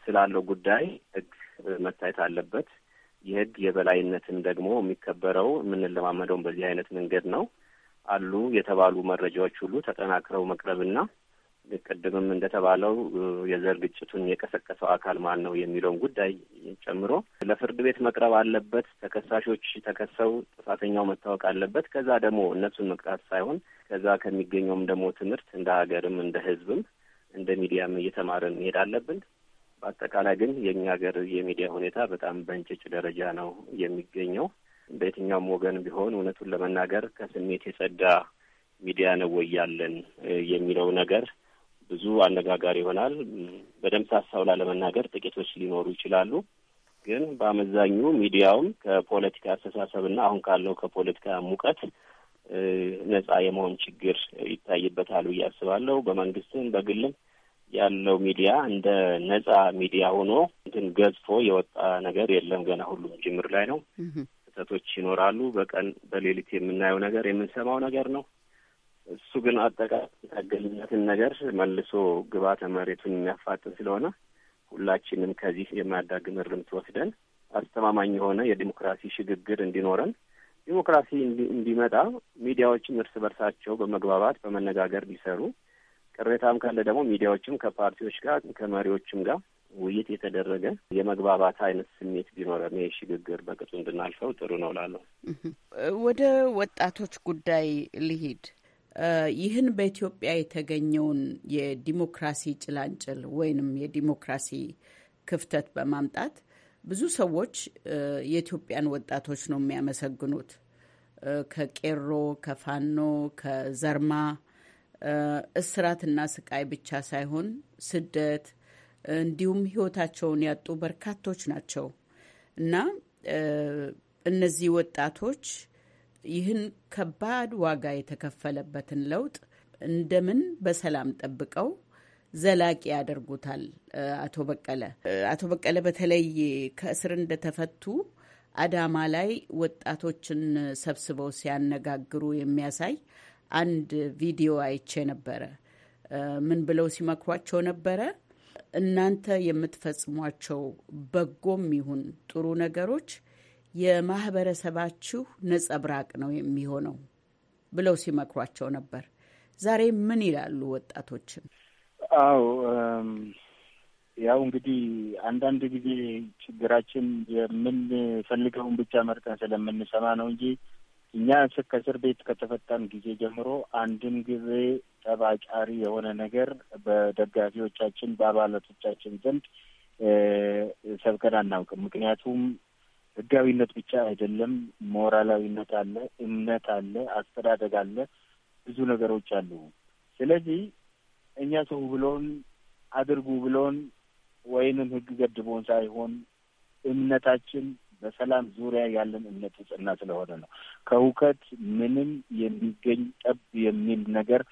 ስላለው ጉዳይ ህግ መታየት አለበት። የህግ የበላይነትን ደግሞ የሚከበረው የምንለማመደውን በዚህ አይነት መንገድ ነው። አሉ የተባሉ መረጃዎች ሁሉ ተጠናክረው መቅረብና ቅድምም እንደተባለው የዘር ግጭቱን የቀሰቀሰው አካል ማን ነው የሚለውን ጉዳይ ጨምሮ ለፍርድ ቤት መቅረብ አለበት። ተከሳሾች ተከሰው ጥፋተኛው መታወቅ አለበት። ከዛ ደግሞ እነሱን መቅጣት ሳይሆን ከዛ ከሚገኘውም ደግሞ ትምህርት እንደ ሀገርም እንደ ሕዝብም እንደ ሚዲያም እየተማርን መሄድ አለብን። በአጠቃላይ ግን የእኛ ሀገር የሚዲያ ሁኔታ በጣም በእንጭጭ ደረጃ ነው የሚገኘው። በየትኛውም ወገን ቢሆን እውነቱን ለመናገር ከስሜት የጸዳ ሚዲያ ነው የሚለው ነገር ብዙ አነጋጋሪ ይሆናል። በደምብ ሳሳውላ ለመናገር ጥቂቶች ሊኖሩ ይችላሉ። ግን በአመዛኙ ሚዲያውም ከፖለቲካ አስተሳሰብና አሁን ካለው ከፖለቲካ ሙቀት ነጻ የመሆን ችግር ይታይበታል ብዬ አስባለሁ። በመንግስትም በግልም ያለው ሚዲያ እንደ ነጻ ሚዲያ ሆኖ እንትን ገዝፎ የወጣ ነገር የለም። ገና ሁሉም ጅምር ላይ ነው። ክስተቶች ይኖራሉ። በቀን በሌሊት የምናየው ነገር የምንሰማው ነገር ነው። እሱ ግን አጠቃላይ ታገልነትን ነገር መልሶ ግብዓተ መሬቱን የሚያፋጥን ስለሆነ ሁላችንም ከዚህ የማያዳግም እርምት ወስደን አስተማማኝ የሆነ የዲሞክራሲ ሽግግር እንዲኖረን ዲሞክራሲ እንዲመጣ ሚዲያዎችም እርስ በርሳቸው በመግባባት በመነጋገር ቢሰሩ፣ ቅሬታም ካለ ደግሞ ሚዲያዎችም ከፓርቲዎች ጋር ከመሪዎችም ጋር ውይይት የተደረገ የመግባባት አይነት ስሜት ቢኖረን ይህ ሽግግር በቅጡ እንድናልፈው ጥሩ ነው እላለሁ። ወደ ወጣቶች ጉዳይ ልሂድ። ይህን በኢትዮጵያ የተገኘውን የዲሞክራሲ ጭላንጭል ወይንም የዲሞክራሲ ክፍተት በማምጣት ብዙ ሰዎች የኢትዮጵያን ወጣቶች ነው የሚያመሰግኑት። ከቄሮ፣ ከፋኖ፣ ከዘርማ እስራትና ስቃይ ብቻ ሳይሆን ስደት፣ እንዲሁም ህይወታቸውን ያጡ በርካቶች ናቸው እና እነዚህ ወጣቶች ይህን ከባድ ዋጋ የተከፈለበትን ለውጥ እንደምን በሰላም ጠብቀው ዘላቂ ያደርጉታል። አቶ በቀለ አቶ በቀለ በተለይ ከእስር እንደተፈቱ አዳማ ላይ ወጣቶችን ሰብስበው ሲያነጋግሩ የሚያሳይ አንድ ቪዲዮ አይቼ ነበረ። ምን ብለው ሲመክሯቸው ነበረ? እናንተ የምትፈጽሟቸው በጎም ይሁን ጥሩ ነገሮች የማህበረሰባችሁ ነጸብራቅ ነው የሚሆነው ብለው ሲመክሯቸው ነበር። ዛሬ ምን ይላሉ ወጣቶችን? አዎ ያው እንግዲህ አንዳንድ ጊዜ ችግራችን የምንፈልገውን ብቻ መርጠን ስለምንሰማ ነው እንጂ እኛ ከእስር ቤት ከተፈታን ጊዜ ጀምሮ አንድም ጊዜ ጠባጫሪ የሆነ ነገር በደጋፊዎቻችን በአባላቶቻችን ዘንድ ሰብከን አናውቅም። ምክንያቱም ህጋዊነት ብቻ አይደለም፣ ሞራላዊነት አለ፣ እምነት አለ፣ አስተዳደግ አለ፣ ብዙ ነገሮች አሉ። ስለዚህ እኛ ሰው ብሎን አድርጉ ብሎን ወይንም ህግ ገድቦን ሳይሆን እምነታችን በሰላም ዙሪያ ያለን እምነት ጽና ስለሆነ ነው። ከሁከት ምንም የሚገኝ ጠብ የሚል ነገር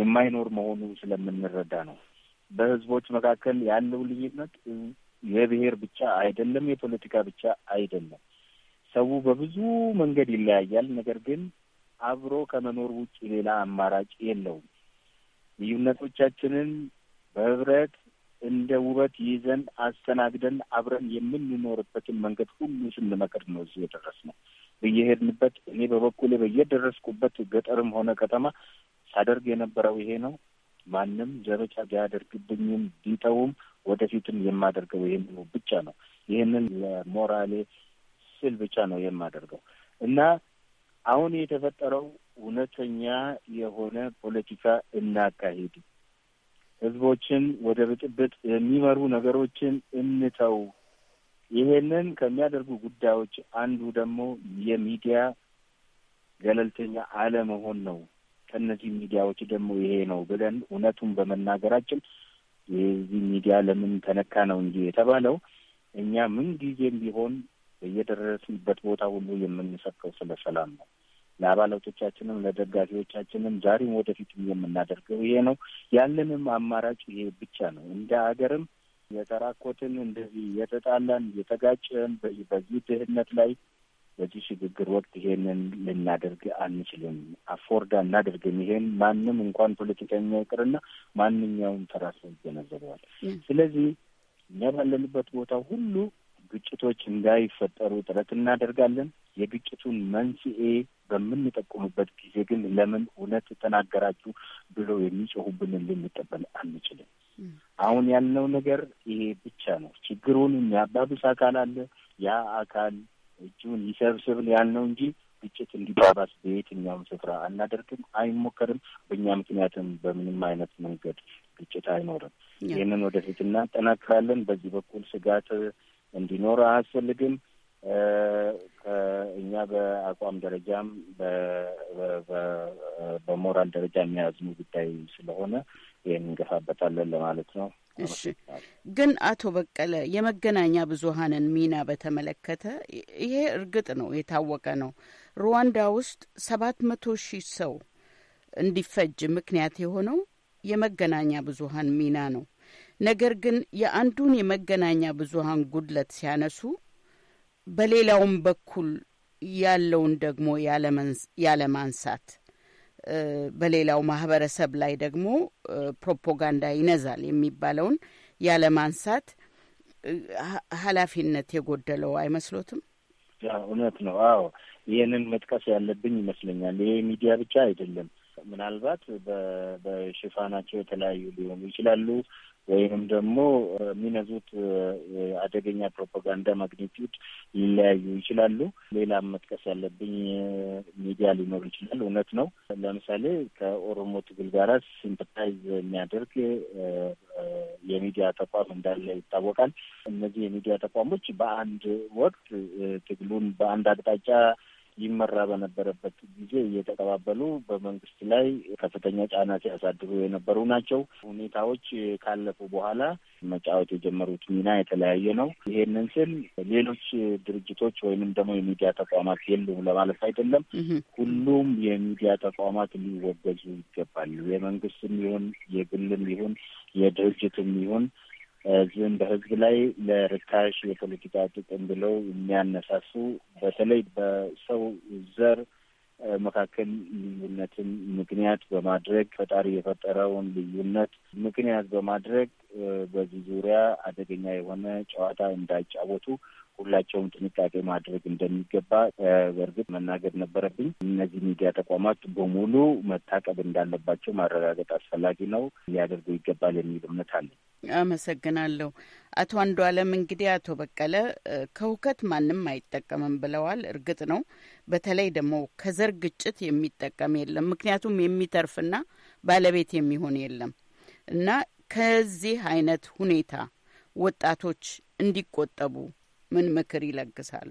የማይኖር መሆኑ ስለምንረዳ ነው። በህዝቦች መካከል ያለው ልዩነት የብሔር ብቻ አይደለም፣ የፖለቲካ ብቻ አይደለም። ሰው በብዙ መንገድ ይለያያል። ነገር ግን አብሮ ከመኖር ውጭ ሌላ አማራጭ የለውም። ልዩነቶቻችንን በህብረት እንደ ውበት ይዘን አስተናግደን አብረን የምንኖርበትን መንገድ ሁሉ ስንመቅድ ነው እዚህ የደረስነው። እየሄድንበት እኔ በበኩሌ በየደረስኩበት ገጠርም ሆነ ከተማ ሳደርግ የነበረው ይሄ ነው። ማንም ዘመቻ ቢያደርግብኝም ቢተውም ወደፊትም የማደርገው ይህንኑ ብቻ ነው። ይህንን ለሞራሌ ስል ብቻ ነው የማደርገው እና አሁን የተፈጠረው እውነተኛ የሆነ ፖለቲካ እናካሄድ ህዝቦችን ወደ ብጥብጥ የሚመሩ ነገሮችን እንተው። ይሄንን ከሚያደርጉ ጉዳዮች አንዱ ደግሞ የሚዲያ ገለልተኛ አለመሆን ነው። ከእነዚህ ሚዲያዎች ደግሞ ይሄ ነው ብለን እውነቱን በመናገራችን የዚህ ሚዲያ ለምን ተነካ ነው እንጂ የተባለው እኛ ምን ጊዜም ቢሆን በየደረስንበት ቦታ ሁሉ የምንሰብከው ስለ ሰላም ነው። ለአባላቶቻችንም ለደጋፊዎቻችንም ዛሬም ወደፊትም የምናደርገው ይሄ ነው። ያለንም አማራጭ ይሄ ብቻ ነው። እንደ ሀገርም የተራኮትን እንደዚህ የተጣላን የተጋጨን በዚህ ድህነት ላይ በዚህ ሽግግር ወቅት ይሄንን ልናደርግ አንችልም። አፎርድ አናደርግም። ይሄን ማንም እንኳን ፖለቲከኛ ይቅርና ማንኛውም ተራ ሰው ይገነዘበዋል። ስለዚህ እኛ ባለንበት ቦታ ሁሉ ግጭቶች እንዳይፈጠሩ ጥረት እናደርጋለን። የግጭቱን መንስኤ በምንጠቁምበት ጊዜ ግን ለምን እውነት ተናገራችሁ ብሎ የሚጮሁብንን ልንቀበል አንችልም። አሁን ያለው ነገር ይሄ ብቻ ነው። ችግሩን የሚያባብስ አካል አለ። ያ አካል እጁን ይሰብስብን ያልነው እንጂ ግጭት እንዲባባስ በየትኛውም ስፍራ አናደርግም፣ አይሞከርም። በእኛ ምክንያትም በምንም አይነት መንገድ ግጭት አይኖርም። ይህንን ወደፊት እናጠናክራለን። በዚህ በኩል ስጋት እንዲኖር አያስፈልግም። እኛ በአቋም ደረጃም በሞራል ደረጃ የሚያዝኑ ጉዳይ ስለሆነ ይህን እንገፋበታለን ለማለት ነው። እሺ ግን አቶ በቀለ የመገናኛ ብዙሀንን ሚና በተመለከተ ይሄ እርግጥ ነው የታወቀ ነው። ሩዋንዳ ውስጥ ሰባት መቶ ሺህ ሰው እንዲፈጅ ምክንያት የሆነው የመገናኛ ብዙሀን ሚና ነው። ነገር ግን የአንዱን የመገናኛ ብዙሀን ጉድለት ሲያነሱ በሌላውም በኩል ያለውን ደግሞ ያለማንሳት በሌላው ማህበረሰብ ላይ ደግሞ ፕሮፓጋንዳ ይነዛል የሚባለውን ያለማንሳት ኃላፊነት የጎደለው አይመስሎትም? እውነት ነው። አዎ ይህንን መጥቀስ ያለብኝ ይመስለኛል። ይሄ ሚዲያ ብቻ አይደለም። ምናልባት በሽፋናቸው የተለያዩ ሊሆኑ ይችላሉ። ወይንም ደግሞ የሚነዙት አደገኛ ፕሮፓጋንዳ ማግኒቲዩድ ሊለያዩ ይችላሉ። ሌላ መጥቀስ ያለብኝ ሚዲያ ሊኖር ይችላል። እውነት ነው። ለምሳሌ ከኦሮሞ ትግል ጋራ ሲምፐታይዝ የሚያደርግ የሚዲያ ተቋም እንዳለ ይታወቃል። እነዚህ የሚዲያ ተቋሞች በአንድ ወቅት ትግሉን በአንድ አቅጣጫ ይመራ በነበረበት ጊዜ እየተቀባበሉ በመንግስት ላይ ከፍተኛ ጫና ሲያሳድሩ የነበሩ ናቸው። ሁኔታዎች ካለፉ በኋላ መጫወት የጀመሩት ሚና የተለያየ ነው። ይሄንን ስል ሌሎች ድርጅቶች ወይንም ደግሞ የሚዲያ ተቋማት የሉም ለማለት አይደለም። ሁሉም የሚዲያ ተቋማት ሊወገዙ ይገባል። የመንግስትም ይሁን የግልም ይሁን የድርጅትም ይሁን ዝም በህዝብ ላይ ለርካሽ የፖለቲካ ጥቅም ብለው የሚያነሳሱ በተለይ በሰው ዘር መካከል ልዩነትን ምክንያት በማድረግ ፈጣሪ የፈጠረውን ልዩነት ምክንያት በማድረግ በዚህ ዙሪያ አደገኛ የሆነ ጨዋታ እንዳይጫወቱ ሁላቸውም ጥንቃቄ ማድረግ እንደሚገባ በእርግጥ መናገር ነበረብኝ። እነዚህ ሚዲያ ተቋማት በሙሉ መታቀብ እንዳለባቸው ማረጋገጥ አስፈላጊ ነው፣ ሊያደርጉ ይገባል የሚል እምነት አለኝ። አመሰግናለሁ። አቶ አንዱ አለም እንግዲህ አቶ በቀለ ከሁከት ማንም አይጠቀምም ብለዋል። እርግጥ ነው በተለይ ደግሞ ከዘር ግጭት የሚጠቀም የለም፣ ምክንያቱም የሚተርፍና ባለቤት የሚሆን የለም እና ከዚህ አይነት ሁኔታ ወጣቶች እንዲቆጠቡ ምን ምክር ይለግሳሉ?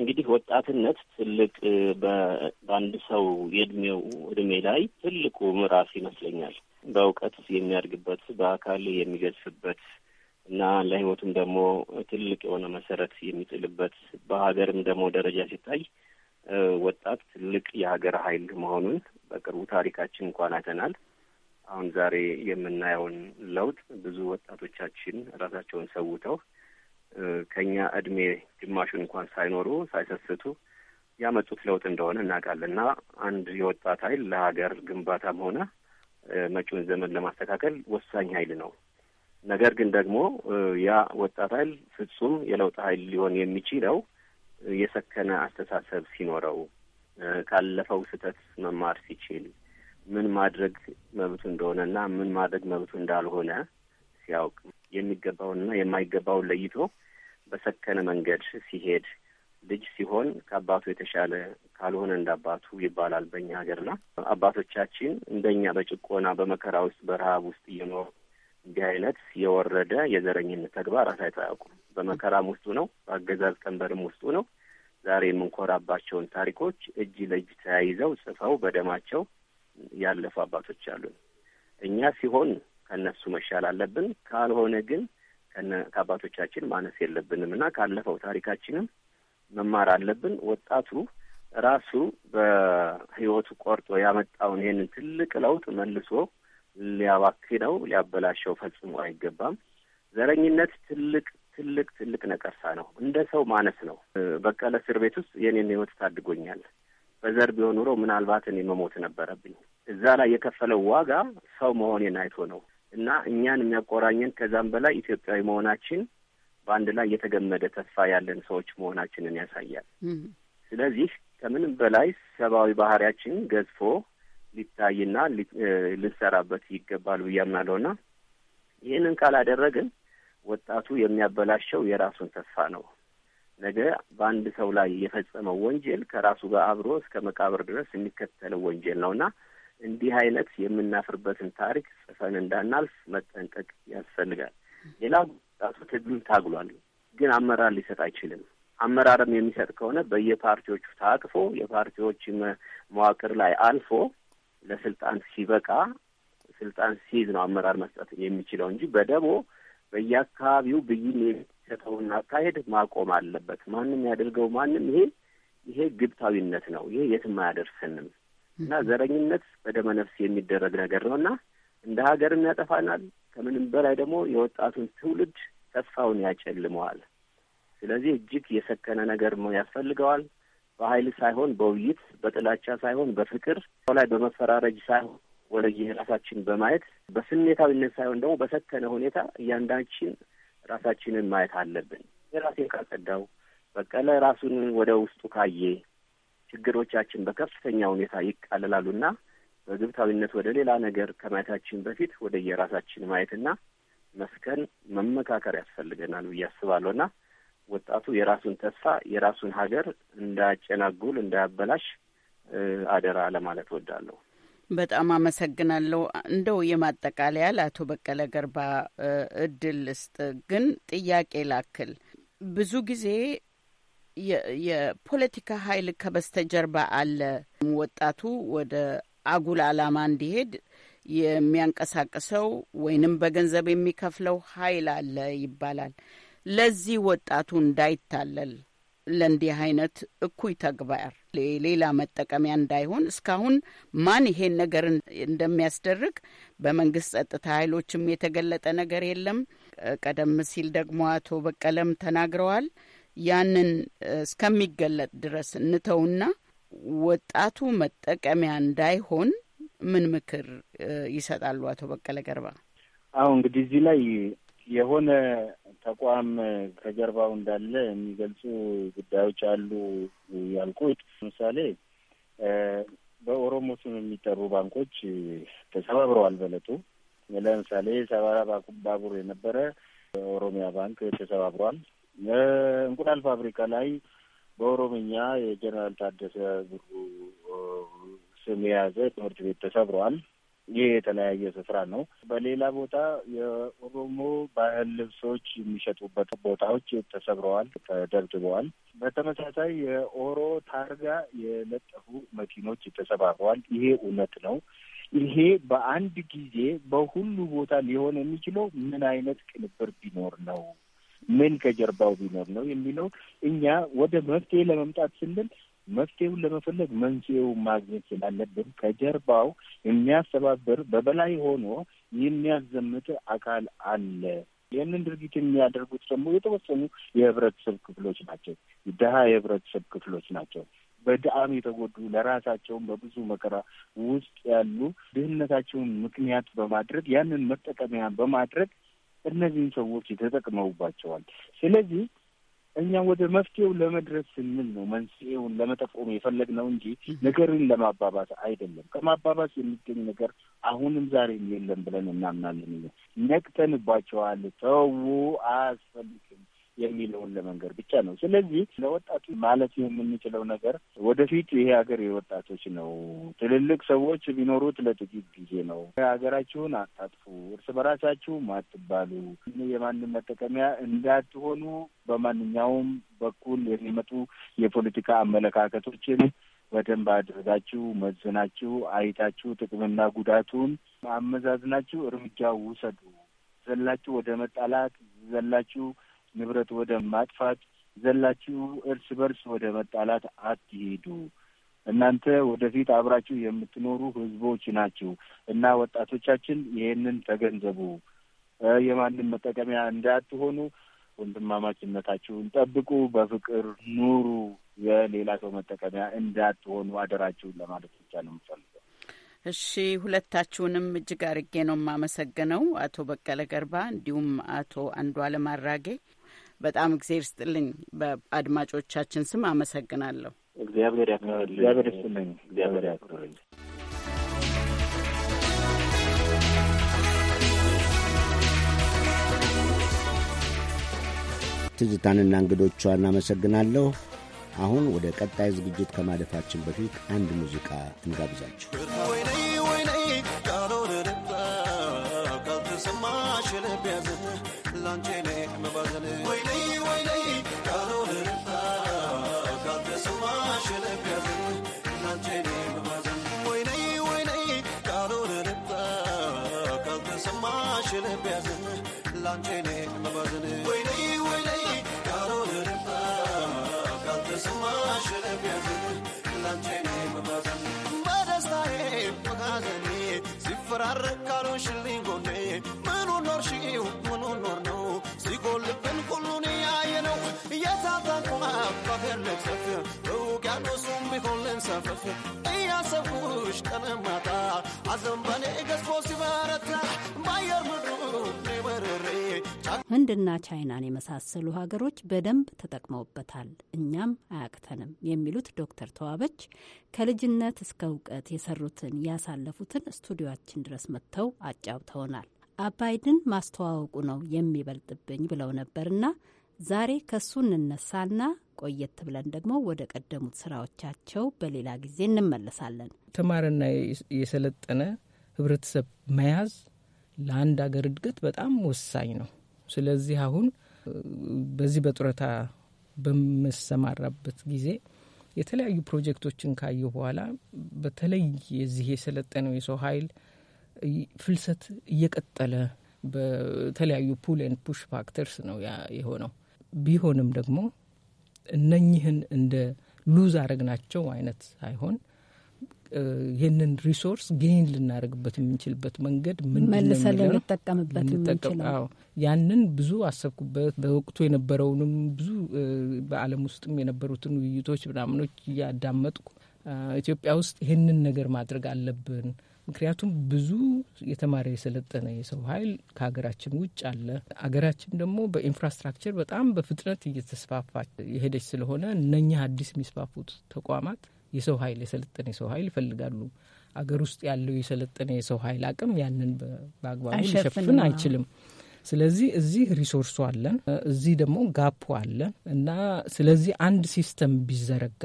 እንግዲህ ወጣትነት ትልቅ በአንድ ሰው የእድሜው እድሜ ላይ ትልቁ ምዕራፍ ይመስለኛል። በእውቀት የሚያድግበት በአካል የሚገዝፍበት እና ለህይወቱም ደግሞ ትልቅ የሆነ መሰረት የሚጥልበት በሀገርም ደግሞ ደረጃ ሲታይ ወጣት ትልቅ የሀገር ኃይል መሆኑን በቅርቡ ታሪካችን እንኳን አይተናል። አሁን ዛሬ የምናየውን ለውጥ ብዙ ወጣቶቻችን ራሳቸውን ሰውተው ከኛ እድሜ ግማሹን እንኳን ሳይኖሩ ሳይሰስቱ ያመጡት ለውጥ እንደሆነ እናውቃለን እና አንድ የወጣት ኃይል ለሀገር ግንባታም ሆነ መጪውን ዘመን ለማስተካከል ወሳኝ ኃይል ነው። ነገር ግን ደግሞ ያ ወጣት ኃይል ፍጹም የለውጥ ኃይል ሊሆን የሚችለው የሰከነ አስተሳሰብ ሲኖረው፣ ካለፈው ስህተት መማር ሲችል፣ ምን ማድረግ መብቱ እንደሆነ እና ምን ማድረግ መብቱ እንዳልሆነ ሲያውቅ፣ የሚገባውንና የማይገባውን ለይቶ በሰከነ መንገድ ሲሄድ ልጅ ሲሆን ከአባቱ የተሻለ ካልሆነ እንደ አባቱ ይባላል በእኛ ና አባቶቻችን እንደኛ በጭቆና በመከራ ውስጥ በረሀብ ውስጥ እየኖሩ እንዲህ አይነት የወረደ የዘረኝነት ተግባር አሳይቶ አያውቁም። በመከራም ውስጡ ነው፣ በአገዛዝ ቀንበርም ውስጡ ነው። ዛሬ የምንኮራባቸውን ታሪኮች እጅ ለእጅ ተያይዘው ጽፈው በደማቸው ያለፉ አባቶች አሉን። እኛ ሲሆን ከእነሱ መሻል አለብን። ካልሆነ ግን ከአባቶቻችን ማነስ የለብንም እና ካለፈው ታሪካችንም መማር አለብን። ወጣቱ ራሱ በህይወቱ ቆርጦ ያመጣውን ይህንን ትልቅ ለውጥ መልሶ ሊያባክነው ሊያበላሸው ፈጽሞ አይገባም። ዘረኝነት ትልቅ ትልቅ ትልቅ ነቀርሳ ነው። እንደ ሰው ማነስ ነው። በቀለ እስር ቤት ውስጥ የኔን ህይወት ታድጎኛል። በዘር ቢሆን ኑሮ ምናልባት እኔ መሞት ነበረብኝ። እዛ ላይ የከፈለው ዋጋ ሰው መሆኔን አይቶ ነው። እና እኛን የሚያቆራኘን ከዛም በላይ ኢትዮጵያዊ መሆናችን በአንድ ላይ የተገመደ ተስፋ ያለን ሰዎች መሆናችንን ያሳያል። ስለዚህ ከምንም በላይ ሰብአዊ ባህሪያችን ገዝፎ ሊታይና ልንሰራበት ይገባል ብዬ አምናለሁና ይህንን ካላደረግን ወጣቱ የሚያበላሸው የራሱን ተስፋ ነው። ነገ በአንድ ሰው ላይ የፈጸመው ወንጀል ከራሱ ጋር አብሮ እስከ መቃብር ድረስ የሚከተለው ወንጀል ነውና እንዲህ አይነት የምናፍርበትን ታሪክ ጽፈን እንዳናልፍ መጠንቀቅ ያስፈልጋል። ሌላ ጣቱ ትግሉን ታግሏል፣ ግን አመራር ሊሰጥ አይችልም። አመራርም የሚሰጥ ከሆነ በየፓርቲዎቹ ታቅፎ የፓርቲዎች መዋቅር ላይ አልፎ ለስልጣን ሲበቃ ስልጣን ሲይዝ ነው አመራር መስጠት የሚችለው እንጂ በደቦ በየአካባቢው ብይን የሚሰጠውን አካሄድ ማቆም አለበት። ማንም ያደርገው ማንም ይሄ ይሄ ግብታዊነት ነው። ይሄ የትም አያደርስንም። እና ዘረኝነት በደመ ነፍስ የሚደረግ ነገር ነው እና እንደ ሀገርም ያጠፋናል። ከምንም በላይ ደግሞ የወጣቱን ትውልድ ተስፋውን ያጨልመዋል። ስለዚህ እጅግ የሰከነ ነገር ያስፈልገዋል። በኃይል ሳይሆን በውይይት በጥላቻ ሳይሆን በፍቅር ላይ በመፈራረጅ ሳይሆን ወደ የራሳችን በማየት በስሜታዊነት ሳይሆን ደግሞ በሰከነ ሁኔታ እያንዳንችን ራሳችንን ማየት አለብን። የራሴን ካጸዳው በቀለ ራሱን ወደ ውስጡ ካየ ችግሮቻችን በከፍተኛ ሁኔታ ይቃለላሉና በግብታዊነት ወደ ሌላ ነገር ከማየታችን በፊት ወደ የራሳችን ማየትና መስከን መመካከር ያስፈልገናል ብዬ አስባለሁ ወጣቱ የራሱን ተስፋ የራሱን ሀገር እንዳያጨናጉል እንዳያበላሽ አደራ ለማለት ወዳለሁ። በጣም አመሰግናለሁ። እንደው የማጠቃለያ ለአቶ በቀለ ገርባ እድል ልስጥ፣ ግን ጥያቄ ላክል ብዙ ጊዜ የፖለቲካ ኃይል ከበስተጀርባ አለ። ወጣቱ ወደ አጉል ዓላማ እንዲሄድ የሚያንቀሳቅሰው ወይንም በገንዘብ የሚከፍለው ኃይል አለ ይባላል። ለዚህ ወጣቱ እንዳይታለል ለእንዲህ አይነት እኩይ ተግባር ሌላ መጠቀሚያ እንዳይሆን እስካሁን ማን ይሄን ነገር እንደሚያስደርግ በመንግስት ጸጥታ ኃይሎችም የተገለጠ ነገር የለም። ቀደም ሲል ደግሞ አቶ በቀለም ተናግረዋል። ያንን እስከሚገለጥ ድረስ እንተውና ወጣቱ መጠቀሚያ እንዳይሆን ምን ምክር ይሰጣሉ አቶ በቀለ ገርባ? አሁ እንግዲህ እዚህ ላይ የሆነ ተቋም ከጀርባው እንዳለ የሚገልጹ ጉዳዮች አሉ ያልኩት። ለምሳሌ በኦሮሞ ስም የሚጠሩ ባንኮች ተሰባብረዋል። በለጡ ለምሳሌ ሰባራ ባቡር የነበረ ኦሮሚያ ባንክ ተሰባብሯል። እንቁላል ፋብሪካ ላይ በኦሮምኛ የጀነራል ታደሰ ብሩ ስም የያዘ ትምህርት ቤት ተሰብሯል። ይህ የተለያየ ስፍራ ነው። በሌላ ቦታ የኦሮሞ ባህል ልብሶች የሚሸጡበት ቦታዎች ተሰብረዋል፣ ተደብድበዋል። በተመሳሳይ የኦሮ ታርጋ የለጠፉ መኪኖች ተሰባብረዋል። ይሄ እውነት ነው። ይሄ በአንድ ጊዜ በሁሉ ቦታ ሊሆን የሚችለው ምን አይነት ቅንብር ቢኖር ነው? ምን ከጀርባው ቢኖር ነው የሚለው እኛ ወደ መፍትሄ ለመምጣት ስንል መፍትሄውን ለመፈለግ መንስኤውን ማግኘት ስላለብን ከጀርባው የሚያስተባብር በበላይ ሆኖ የሚያዘምት አካል አለ። ይህንን ድርጊት የሚያደርጉት ደግሞ የተወሰኑ የህብረተሰብ ክፍሎች ናቸው። ድሀ የህብረተሰብ ክፍሎች ናቸው። በድአም የተጎዱ ለራሳቸውን በብዙ መከራ ውስጥ ያሉ ድህነታቸውን ምክንያት በማድረግ ያንን መጠቀሚያ በማድረግ እነዚህን ሰዎች ተጠቅመውባቸዋል። ስለዚህ እኛ ወደ መፍትሄው ለመድረስ ስንል ነው መንስኤውን ለመጠቆም የፈለግነው እንጂ ነገርን ለማባባስ አይደለም። ከማባባስ የሚገኝ ነገር አሁንም ዛሬም የለም ብለን እናምናለን። ነቅተንባቸዋል። ተው አያስፈልግም የሚለውን ለመንገር ብቻ ነው። ስለዚህ ለወጣቱ ማለት የምንችለው ነገር ወደፊት ይሄ ሀገር የወጣቶች ነው። ትልልቅ ሰዎች ቢኖሩት ለጥቂት ጊዜ ነው። ሀገራችሁን አታጥፉ፣ እርስ በራሳችሁም አትባሉ፣ የማንም መጠቀሚያ እንዳትሆኑ በማንኛውም በኩል የሚመጡ የፖለቲካ አመለካከቶችን በደንብ አድርጋችሁ መዝናችሁ አይታችሁ ጥቅምና ጉዳቱን አመዛዝናችሁ እርምጃ ውሰዱ። ዘላችሁ ወደ መጣላት ዘላችሁ ንብረት ወደ ማጥፋት ዘላችሁ እርስ በርስ ወደ መጣላት አትሄዱ። እናንተ ወደፊት አብራችሁ የምትኖሩ ህዝቦች ናችሁ እና ወጣቶቻችን ይህንን ተገንዘቡ። የማንም መጠቀሚያ እንዳትሆኑ ወንድማማችነታችሁን ጠብቁ፣ በፍቅር ኑሩ። የሌላ ሰው መጠቀሚያ እንዳትሆኑ አደራችሁን ለማለት ብቻ ነው የምፈልገው። እሺ፣ ሁለታችሁንም እጅግ አርጌ ነው የማመሰግነው አቶ በቀለ ገርባ እንዲሁም አቶ አንዷለም አራጌ። በጣም እግዜር ስጥልኝ። በአድማጮቻችን ስም አመሰግናለሁ። እግዚአብሔር ያክብርልኝ። እግዚአብሔር ስጥልኝ። እግዚአብሔር ያክብርልኝ። ትዝታንና እንግዶቿን አመሰግናለሁ። አሁን ወደ ቀጣይ ዝግጅት ከማለፋችን በፊት አንድ ሙዚቃ እንጋብዛችሁ። እያሰብኩሽ አዘን በኔ ገዝፎ ሲበረታ ባየር ምድሩ ህንድና ቻይናን የመሳሰሉ ሀገሮች በደንብ ተጠቅመውበታል፣ እኛም አያቅተንም የሚሉት ዶክተር ተዋበች ከልጅነት እስከ እውቀት የሰሩትን ያሳለፉትን ስቱዲዮችን ድረስ መጥተው አጫውተውናል። አባይድን ማስተዋወቁ ነው የሚበልጥብኝ ብለው ነበርና ዛሬ ከሱ እንነሳና ቆየት ብለን ደግሞ ወደ ቀደሙት ስራዎቻቸው በሌላ ጊዜ እንመለሳለን። የተማረና የሰለጠነ ህብረተሰብ መያዝ ለአንድ ሀገር እድገት በጣም ወሳኝ ነው። ስለዚህ አሁን በዚህ በጡረታ በምሰማራበት ጊዜ የተለያዩ ፕሮጀክቶችን ካየሁ በኋላ በተለይ የዚህ የሰለጠነው የሰው ኃይል ፍልሰት እየቀጠለ በተለያዩ ፑል ኤንድ ፑሽ ፋክተርስ ነው የሆነው። ቢሆንም ደግሞ እነኚህን እንደ ሉዝ አረግናቸው አይነት ሳይሆን ይህንን ሪሶርስ ጌን ልናደርግበት የምንችልበት መንገድ መልሰን ልንጠቀምበት የምንችለው ያንን ብዙ አሰብኩበት። በወቅቱ የነበረውንም ብዙ በዓለም ውስጥም የነበሩትን ውይይቶች ምናምኖች እያዳመጥኩ ኢትዮጵያ ውስጥ ይህንን ነገር ማድረግ አለብን ምክንያቱም ብዙ የተማረ የሰለጠነ የሰው ኃይል ከሀገራችን ውጭ አለ። አገራችን ደግሞ በኢንፍራስትራክቸር በጣም በፍጥነት እየተስፋፋች የሄደች ስለሆነ እነኛ አዲስ የሚስፋፉት ተቋማት የሰው ኃይል የሰለጠነ የሰው ኃይል ይፈልጋሉ። አገር ውስጥ ያለው የሰለጠነ የሰው ኃይል አቅም ያንን በአግባቡ ሊሸፍን አይችልም። ስለዚህ እዚህ ሪሶርሱ አለን፣ እዚህ ደግሞ ጋፑ አለን እና ስለዚህ አንድ ሲስተም ቢዘረጋ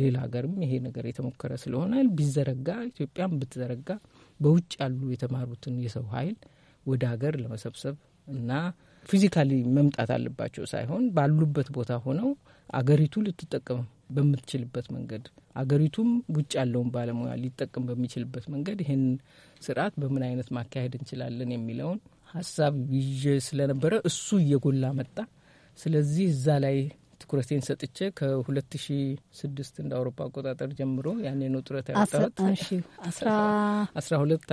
ሌላ ሀገርም ይሄ ነገር የተሞከረ ስለሆነ ቢዘረጋ ኢትዮጵያም ብትዘረጋ በውጭ ያሉ የተማሩትን የሰው ኃይል ወደ ሀገር ለመሰብሰብ እና ፊዚካሊ መምጣት አለባቸው ሳይሆን ባሉበት ቦታ ሆነው አገሪቱ ልትጠቀም በምትችልበት መንገድ አገሪቱም ውጭ ያለውን ባለሙያ ሊጠቀም በሚችልበት መንገድ ይህን ስርዓት በምን አይነት ማካሄድ እንችላለን የሚለውን ሀሳብ ይዤ ስለነበረ እሱ እየጎላ መጣ። ስለዚህ እዛ ላይ ትኩረቴን ሰጥቼ ከ2006 እንደ አውሮፓ አቆጣጠር ጀምሮ ያኔ ነው ጡረታ ያወጣሁት። አስራ ሁለት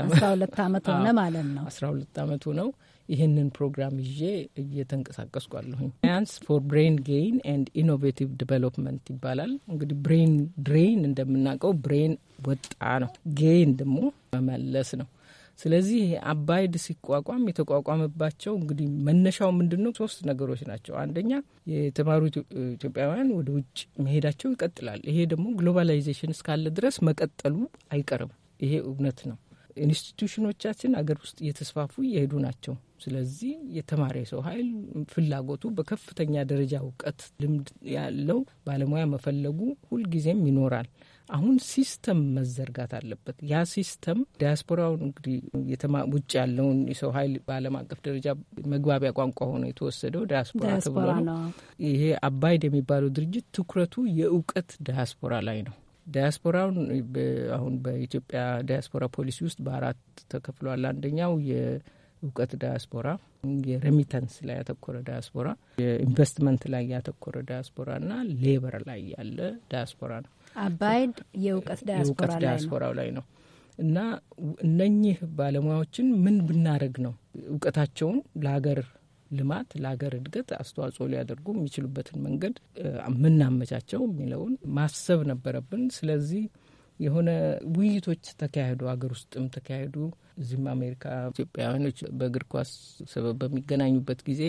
ዓመት ሆነ ማለት ነው። አስራ ሁለት ዓመቱ ነው። ይህንን ፕሮግራም ይዤ እየተንቀሳቀስኩ አለሁኝ። ፎር ብሬን ጌይን ኤንድ ኢኖቬቲቭ ዲቨሎፕመንት ይባላል። እንግዲህ ብሬን ድሬን እንደምናውቀው ብሬን ወጣ ነው፣ ጌይን ደግሞ መመለስ ነው። ስለዚህ አባይድ ሲቋቋም የተቋቋመባቸው እንግዲህ መነሻው ምንድን ነው? ሶስት ነገሮች ናቸው። አንደኛ የተማሩ ኢትዮጵያውያን ወደ ውጭ መሄዳቸው ይቀጥላል። ይሄ ደግሞ ግሎባላይዜሽን እስካለ ድረስ መቀጠሉ አይቀርም። ይሄ እውነት ነው። ኢንስቲትዩሽኖቻችን አገር ውስጥ እየተስፋፉ እየሄዱ ናቸው። ስለዚህ የተማረ ሰው ኃይል ፍላጎቱ በከፍተኛ ደረጃ እውቀት፣ ልምድ ያለው ባለሙያ መፈለጉ ሁልጊዜም ይኖራል። አሁን ሲስተም መዘርጋት አለበት። ያ ሲስተም ዲያስፖራውን እንግዲህ ውጭ ያለውን የሰው ኃይል በዓለም አቀፍ ደረጃ መግባቢያ ቋንቋ ሆኖ የተወሰደው ዲያስፖራ ተብሎ ነው። ይሄ አባይድ የሚባለው ድርጅት ትኩረቱ የእውቀት ዲያስፖራ ላይ ነው። ዲያስፖራውን አሁን በኢትዮጵያ ዲያስፖራ ፖሊሲ ውስጥ በአራት ተከፍሏል። አንደኛው የእውቀት ዲያስፖራ፣ የሬሚተንስ ላይ ያተኮረ ዲያስፖራ፣ የኢንቨስትመንት ላይ ያተኮረ ዲያስፖራ እና ሌበር ላይ ያለ ዲያስፖራ ነው። አባይድ የእውቀት ዳያስፖራው ላይ ነው እና እነኚህ ባለሙያዎችን ምን ብናደርግ ነው እውቀታቸውን ለሀገር ልማት ለሀገር እድገት አስተዋጽኦ ሊያደርጉ የሚችሉበትን መንገድ ምናመቻቸው የሚለውን ማሰብ ነበረብን። ስለዚህ የሆነ ውይይቶች ተካሄዱ፣ ሀገር ውስጥም ተካሄዱ። እዚህም አሜሪካ ኢትዮጵያውያኖች በእግር ኳስ ሰበብ በሚገናኙበት ጊዜ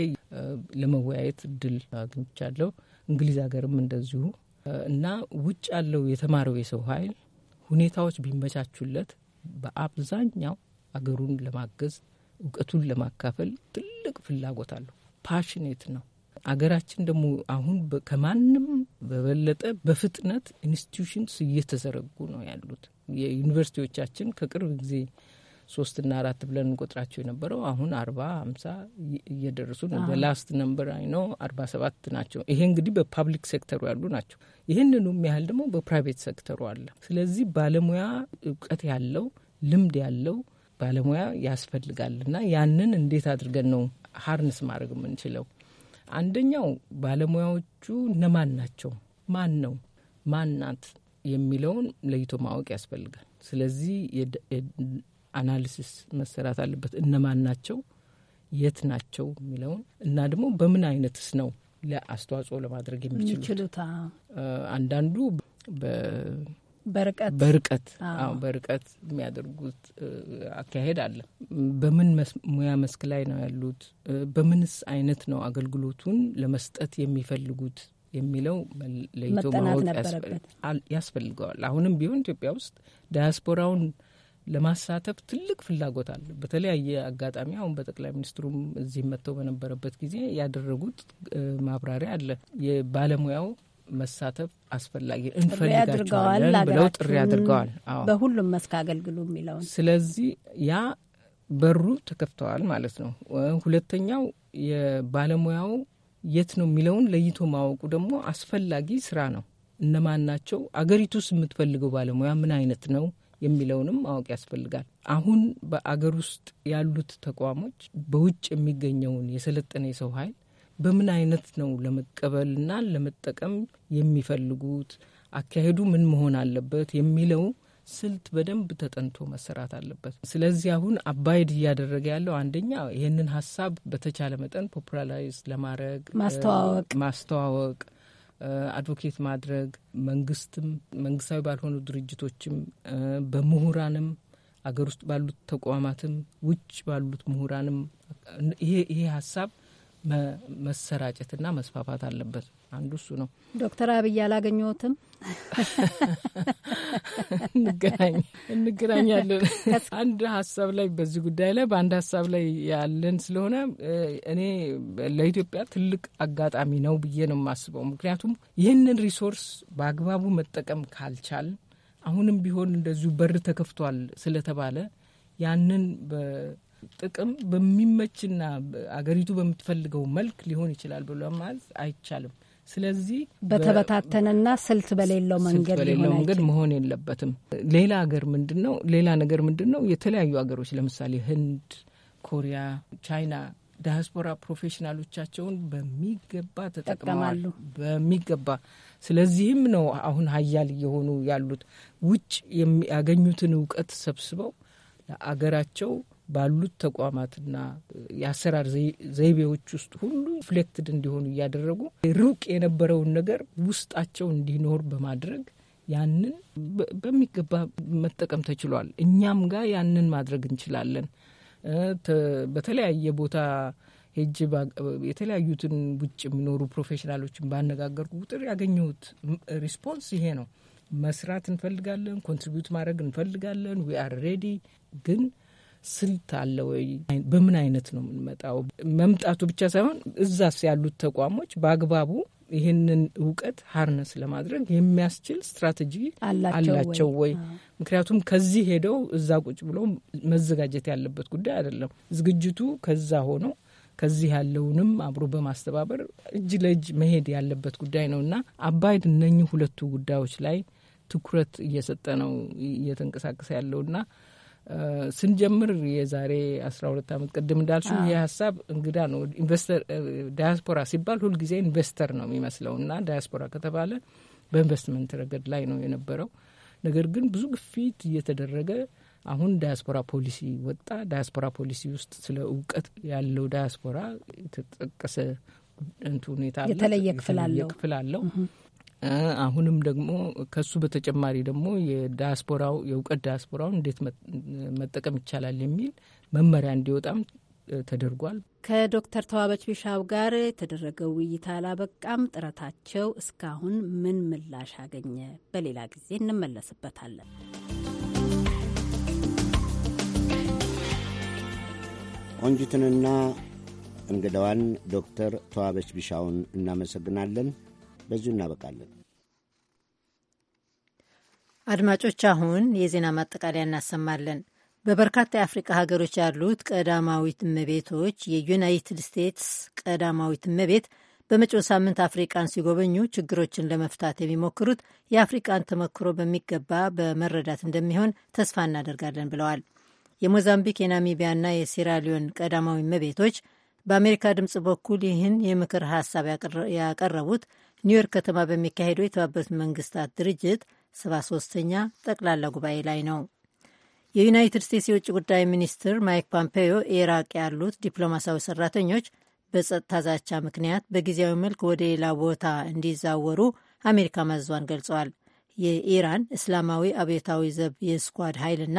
ለመወያየት እድል አግኝቻለሁ። እንግሊዝ ሀገርም እንደዚሁ እና ውጭ ያለው የተማረው የሰው ኃይል ሁኔታዎች ቢመቻቹለት በአብዛኛው አገሩን ለማገዝ እውቀቱን ለማካፈል ትልቅ ፍላጎት አለው። ፓሽኔት ነው። አገራችን ደግሞ አሁን ከማንም በበለጠ በፍጥነት ኢንስቲትዩሽንስ እየተዘረጉ ነው ያሉት። የዩኒቨርሲቲዎቻችን ከቅርብ ጊዜ ሶስትና አራት ብለን እንቆጥራቸው የነበረው አሁን አርባ ሀምሳ እየደረሱ ነው። በላስት ነምበር አይ ነው አርባ ሰባት ናቸው። ይሄ እንግዲህ በፓብሊክ ሴክተሩ ያሉ ናቸው። ይህንኑ ያህል ደግሞ በፕራይቬት ሴክተሩ አለ። ስለዚህ ባለሙያ እውቀት ያለው ልምድ ያለው ባለሙያ ያስፈልጋል እና ያንን እንዴት አድርገን ነው ሀርንስ ማድረግ የምንችለው? አንደኛው ባለሙያዎቹ እነማን ናቸው፣ ማን ነው፣ ማን ናት የሚለውን ለይቶ ማወቅ ያስፈልጋል። ስለዚህ አናሊሲስ መሰራት አለበት። እነማን ናቸው፣ የት ናቸው የሚለውን እና ደግሞ በምን አይነትስ ነው ለአስተዋጽኦ ለማድረግ የሚችሉት። አንዳንዱ በርቀት በርቀት በርቀት የሚያደርጉት አካሄድ አለ። በምን ሙያ መስክ ላይ ነው ያሉት፣ በምንስ አይነት ነው አገልግሎቱን ለመስጠት የሚፈልጉት የሚለው ለይቶ ማወቅ ያስፈልገዋል። አሁንም ቢሆን ኢትዮጵያ ውስጥ ዳያስፖራውን ለማሳተፍ ትልቅ ፍላጎት አለ። በተለያየ አጋጣሚ አሁን በጠቅላይ ሚኒስትሩም እዚህ መጥተው በነበረበት ጊዜ ያደረጉት ማብራሪያ አለ። የባለሙያው መሳተፍ አስፈላጊ እንፈልጋቸዋለን ብለው ጥሪ አድርገዋል። በሁሉም መስክ አገልግሉ የሚለውን ስለዚህ ያ በሩ ተከፍተዋል ማለት ነው። ሁለተኛው የባለሙያው የት ነው የሚለውን ለይቶ ማወቁ ደግሞ አስፈላጊ ስራ ነው። እነማን ናቸው? አገሪቱስ የምትፈልገው ባለሙያ ምን አይነት ነው? የሚለውንም ማወቅ ያስፈልጋል። አሁን በአገር ውስጥ ያሉት ተቋሞች በውጭ የሚገኘውን የሰለጠነ የሰው ኃይል በምን አይነት ነው ለመቀበልና ለመጠቀም የሚፈልጉት አካሄዱ ምን መሆን አለበት የሚለው ስልት በደንብ ተጠንቶ መሰራት አለበት። ስለዚህ አሁን አባይድ እያደረገ ያለው አንደኛ ይህንን ሀሳብ በተቻለ መጠን ፖፑላራይዝ ለማድረግ ማስተዋወቅ ማስተዋወቅ አድቮኬት ማድረግ መንግስትም፣ መንግስታዊ ባልሆኑ ድርጅቶችም፣ በምሁራንም አገር ውስጥ ባሉት ተቋማትም፣ ውጭ ባሉት ምሁራንም ይሄ ሀሳብ መሰራጨትና መስፋፋት አለበት። አንዱ እሱ ነው። ዶክተር አብይ አላገኘትም። እንገናኝ እንገናኛለን። አንድ ሀሳብ ላይ በዚህ ጉዳይ ላይ በአንድ ሀሳብ ላይ ያለን ስለሆነ እኔ ለኢትዮጵያ ትልቅ አጋጣሚ ነው ብዬ ነው የማስበው። ምክንያቱም ይህንን ሪሶርስ በአግባቡ መጠቀም ካልቻል አሁንም ቢሆን እንደዚሁ በር ተከፍቷል ስለተባለ ያንን ጥቅም በሚመችና አገሪቱ በምትፈልገው መልክ ሊሆን ይችላል ብሎ ማዝ አይቻልም። ስለዚህ በተበታተነና ስልት በሌለው መንገድ በሌለው መንገድ መሆን የለበትም። ሌላ ሀገር ምንድን ነው ሌላ ነገር ምንድን ነው? የተለያዩ ሀገሮች ለምሳሌ ህንድ፣ ኮሪያ፣ ቻይና ዳያስፖራ ፕሮፌሽናሎቻቸውን በሚገባ ተጠቅመዋል በሚገባ። ስለዚህም ነው አሁን ሀያል እየሆኑ ያሉት። ውጭ የሚያገኙትን እውቀት ሰብስበው ለአገራቸው ባሉት ተቋማትና የአሰራር ዘይቤዎች ውስጥ ሁሉ ፍሌክትድ እንዲሆኑ እያደረጉ ሩቅ የነበረውን ነገር ውስጣቸው እንዲኖር በማድረግ ያንን በሚገባ መጠቀም ተችሏል። እኛም ጋር ያንን ማድረግ እንችላለን። በተለያየ ቦታ ሄጅ የተለያዩትን ውጭ የሚኖሩ ፕሮፌሽናሎችን ባነጋገርኩ ቁጥር ያገኘሁት ሪስፖንስ ይሄ ነው። መስራት እንፈልጋለን፣ ኮንትሪቢዩት ማድረግ እንፈልጋለን፣ ዊ አር ሬዲ ግን ስልት አለ ወይ? በምን አይነት ነው የምንመጣው? መምጣቱ ብቻ ሳይሆን እዛስ ያሉት ተቋሞች በአግባቡ ይህንን እውቀት ሀርነስ ለማድረግ የሚያስችል ስትራቴጂ አላቸው ወይ? ምክንያቱም ከዚህ ሄደው እዛ ቁጭ ብሎ መዘጋጀት ያለበት ጉዳይ አይደለም። ዝግጅቱ ከዛ ሆኖ ከዚህ ያለውንም አብሮ በማስተባበር እጅ ለእጅ መሄድ ያለበት ጉዳይ ነው እና አባይድ እነኚህ ሁለቱ ጉዳዮች ላይ ትኩረት እየሰጠ ነው እየተንቀሳቀሰ ያለውና ስንጀምር የዛሬ አስራ ሁለት ዓመት ቅድም እንዳልሹ ይህ ሀሳብ እንግዳ ነው። ኢንቨስተር ዳያስፖራ ሲባል ሁልጊዜ ኢንቨስተር ነው የሚመስለው እና ዳያስፖራ ከተባለ በኢንቨስትመንት ረገድ ላይ ነው የነበረው። ነገር ግን ብዙ ግፊት እየተደረገ አሁን ዳያስፖራ ፖሊሲ ወጣ። ዳያስፖራ ፖሊሲ ውስጥ ስለ እውቀት ያለው ዳያስፖራ የተጠቀሰ እንትን ሁኔታ የተለየ ክፍል አለው። አሁንም ደግሞ ከሱ በተጨማሪ ደግሞ የዳያስፖራው የእውቀት ዳያስፖራውን እንዴት መጠቀም ይቻላል የሚል መመሪያ እንዲወጣም ተደርጓል። ከዶክተር ተዋበች ቢሻው ጋር የተደረገው ውይይት አላበቃም። ጥረታቸው እስካሁን ምን ምላሽ አገኘ? በሌላ ጊዜ እንመለስበታለን። ቆንጅትንና እንግዳዋን ዶክተር ተዋበች ቢሻውን እናመሰግናለን። በዚሁ እናበቃለን። አድማጮች፣ አሁን የዜና ማጠቃለያ እናሰማለን። በበርካታ የአፍሪቃ ሀገሮች ያሉት ቀዳማዊት እመቤቶች የዩናይትድ ስቴትስ ቀዳማዊት እመቤት በመጪው ሳምንት አፍሪቃን ሲጎበኙ ችግሮችን ለመፍታት የሚሞክሩት የአፍሪቃን ተመክሮ በሚገባ በመረዳት እንደሚሆን ተስፋ እናደርጋለን ብለዋል። የሞዛምቢክ የናሚቢያና የሴራሊዮን ቀዳማዊ እመቤቶች በአሜሪካ ድምፅ በኩል ይህን የምክር ሀሳብ ያቀረቡት ኒውዮርክ ከተማ በሚካሄደው የተባበሩት መንግስታት ድርጅት 73ኛ ጠቅላላ ጉባኤ ላይ ነው። የዩናይትድ ስቴትስ የውጭ ጉዳይ ሚኒስትር ማይክ ፖምፔዮ ኢራቅ ያሉት ዲፕሎማሲያዊ ሰራተኞች በጸጥታ ዛቻ ምክንያት በጊዜያዊ መልክ ወደ ሌላ ቦታ እንዲዛወሩ አሜሪካ ማዘዟን ገልጸዋል። የኢራን እስላማዊ አብዮታዊ ዘብ የስኳድ ኃይልና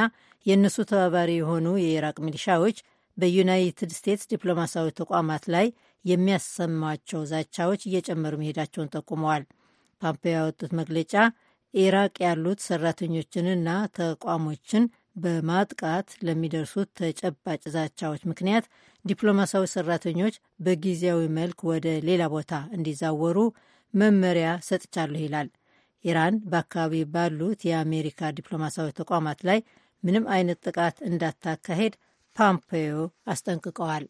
የእነሱ ተባባሪ የሆኑ የኢራቅ ሚሊሻዎች በዩናይትድ ስቴትስ ዲፕሎማሲያዊ ተቋማት ላይ የሚያሰማቸው ዛቻዎች እየጨመሩ መሄዳቸውን ጠቁመዋል። ፓምፔዮ ያወጡት መግለጫ ኢራቅ ያሉት ሰራተኞችንና ተቋሞችን በማጥቃት ለሚደርሱት ተጨባጭ ዛቻዎች ምክንያት ዲፕሎማሲያዊ ሰራተኞች በጊዜያዊ መልክ ወደ ሌላ ቦታ እንዲዛወሩ መመሪያ ሰጥቻለሁ ይላል። ኢራን በአካባቢ ባሉት የአሜሪካ ዲፕሎማሲያዊ ተቋማት ላይ ምንም አይነት ጥቃት እንዳታካሄድ ፓምፔዮ አስጠንቅቀዋል።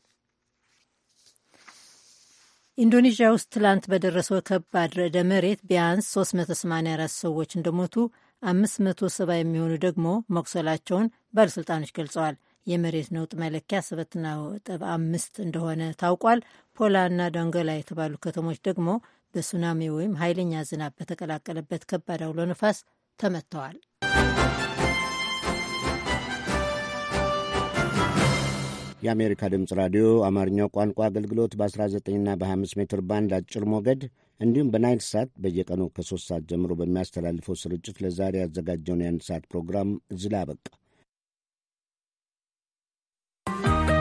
ኢንዶኔዥያ ውስጥ ትላንት በደረሰው ከባድ ርዕደ መሬት ቢያንስ 384 ሰዎች እንደሞቱ 570 የሚሆኑ ደግሞ መቁሰላቸውን ባለሥልጣኖች ገልጸዋል። የመሬት ነውጥ መለኪያ ሰበትና ነጥብ አምስት እንደሆነ ታውቋል። ፖላና ዳንገላ የተባሉ ከተሞች ደግሞ በሱናሚ ወይም ኃይለኛ ዝናብ በተቀላቀለበት ከባድ አውሎ ነፋስ ተመትተዋል። የአሜሪካ ድምፅ ራዲዮ አማርኛው ቋንቋ አገልግሎት በ19ና በ25 ሜትር ባንድ አጭር ሞገድ እንዲሁም በናይል ሳት በየቀኑ ከሶስት ሰዓት ጀምሮ በሚያስተላልፈው ስርጭት ለዛሬ ያዘጋጀውን የአንድ ሰዓት ፕሮግራም እዚህ ላይ አበቃ።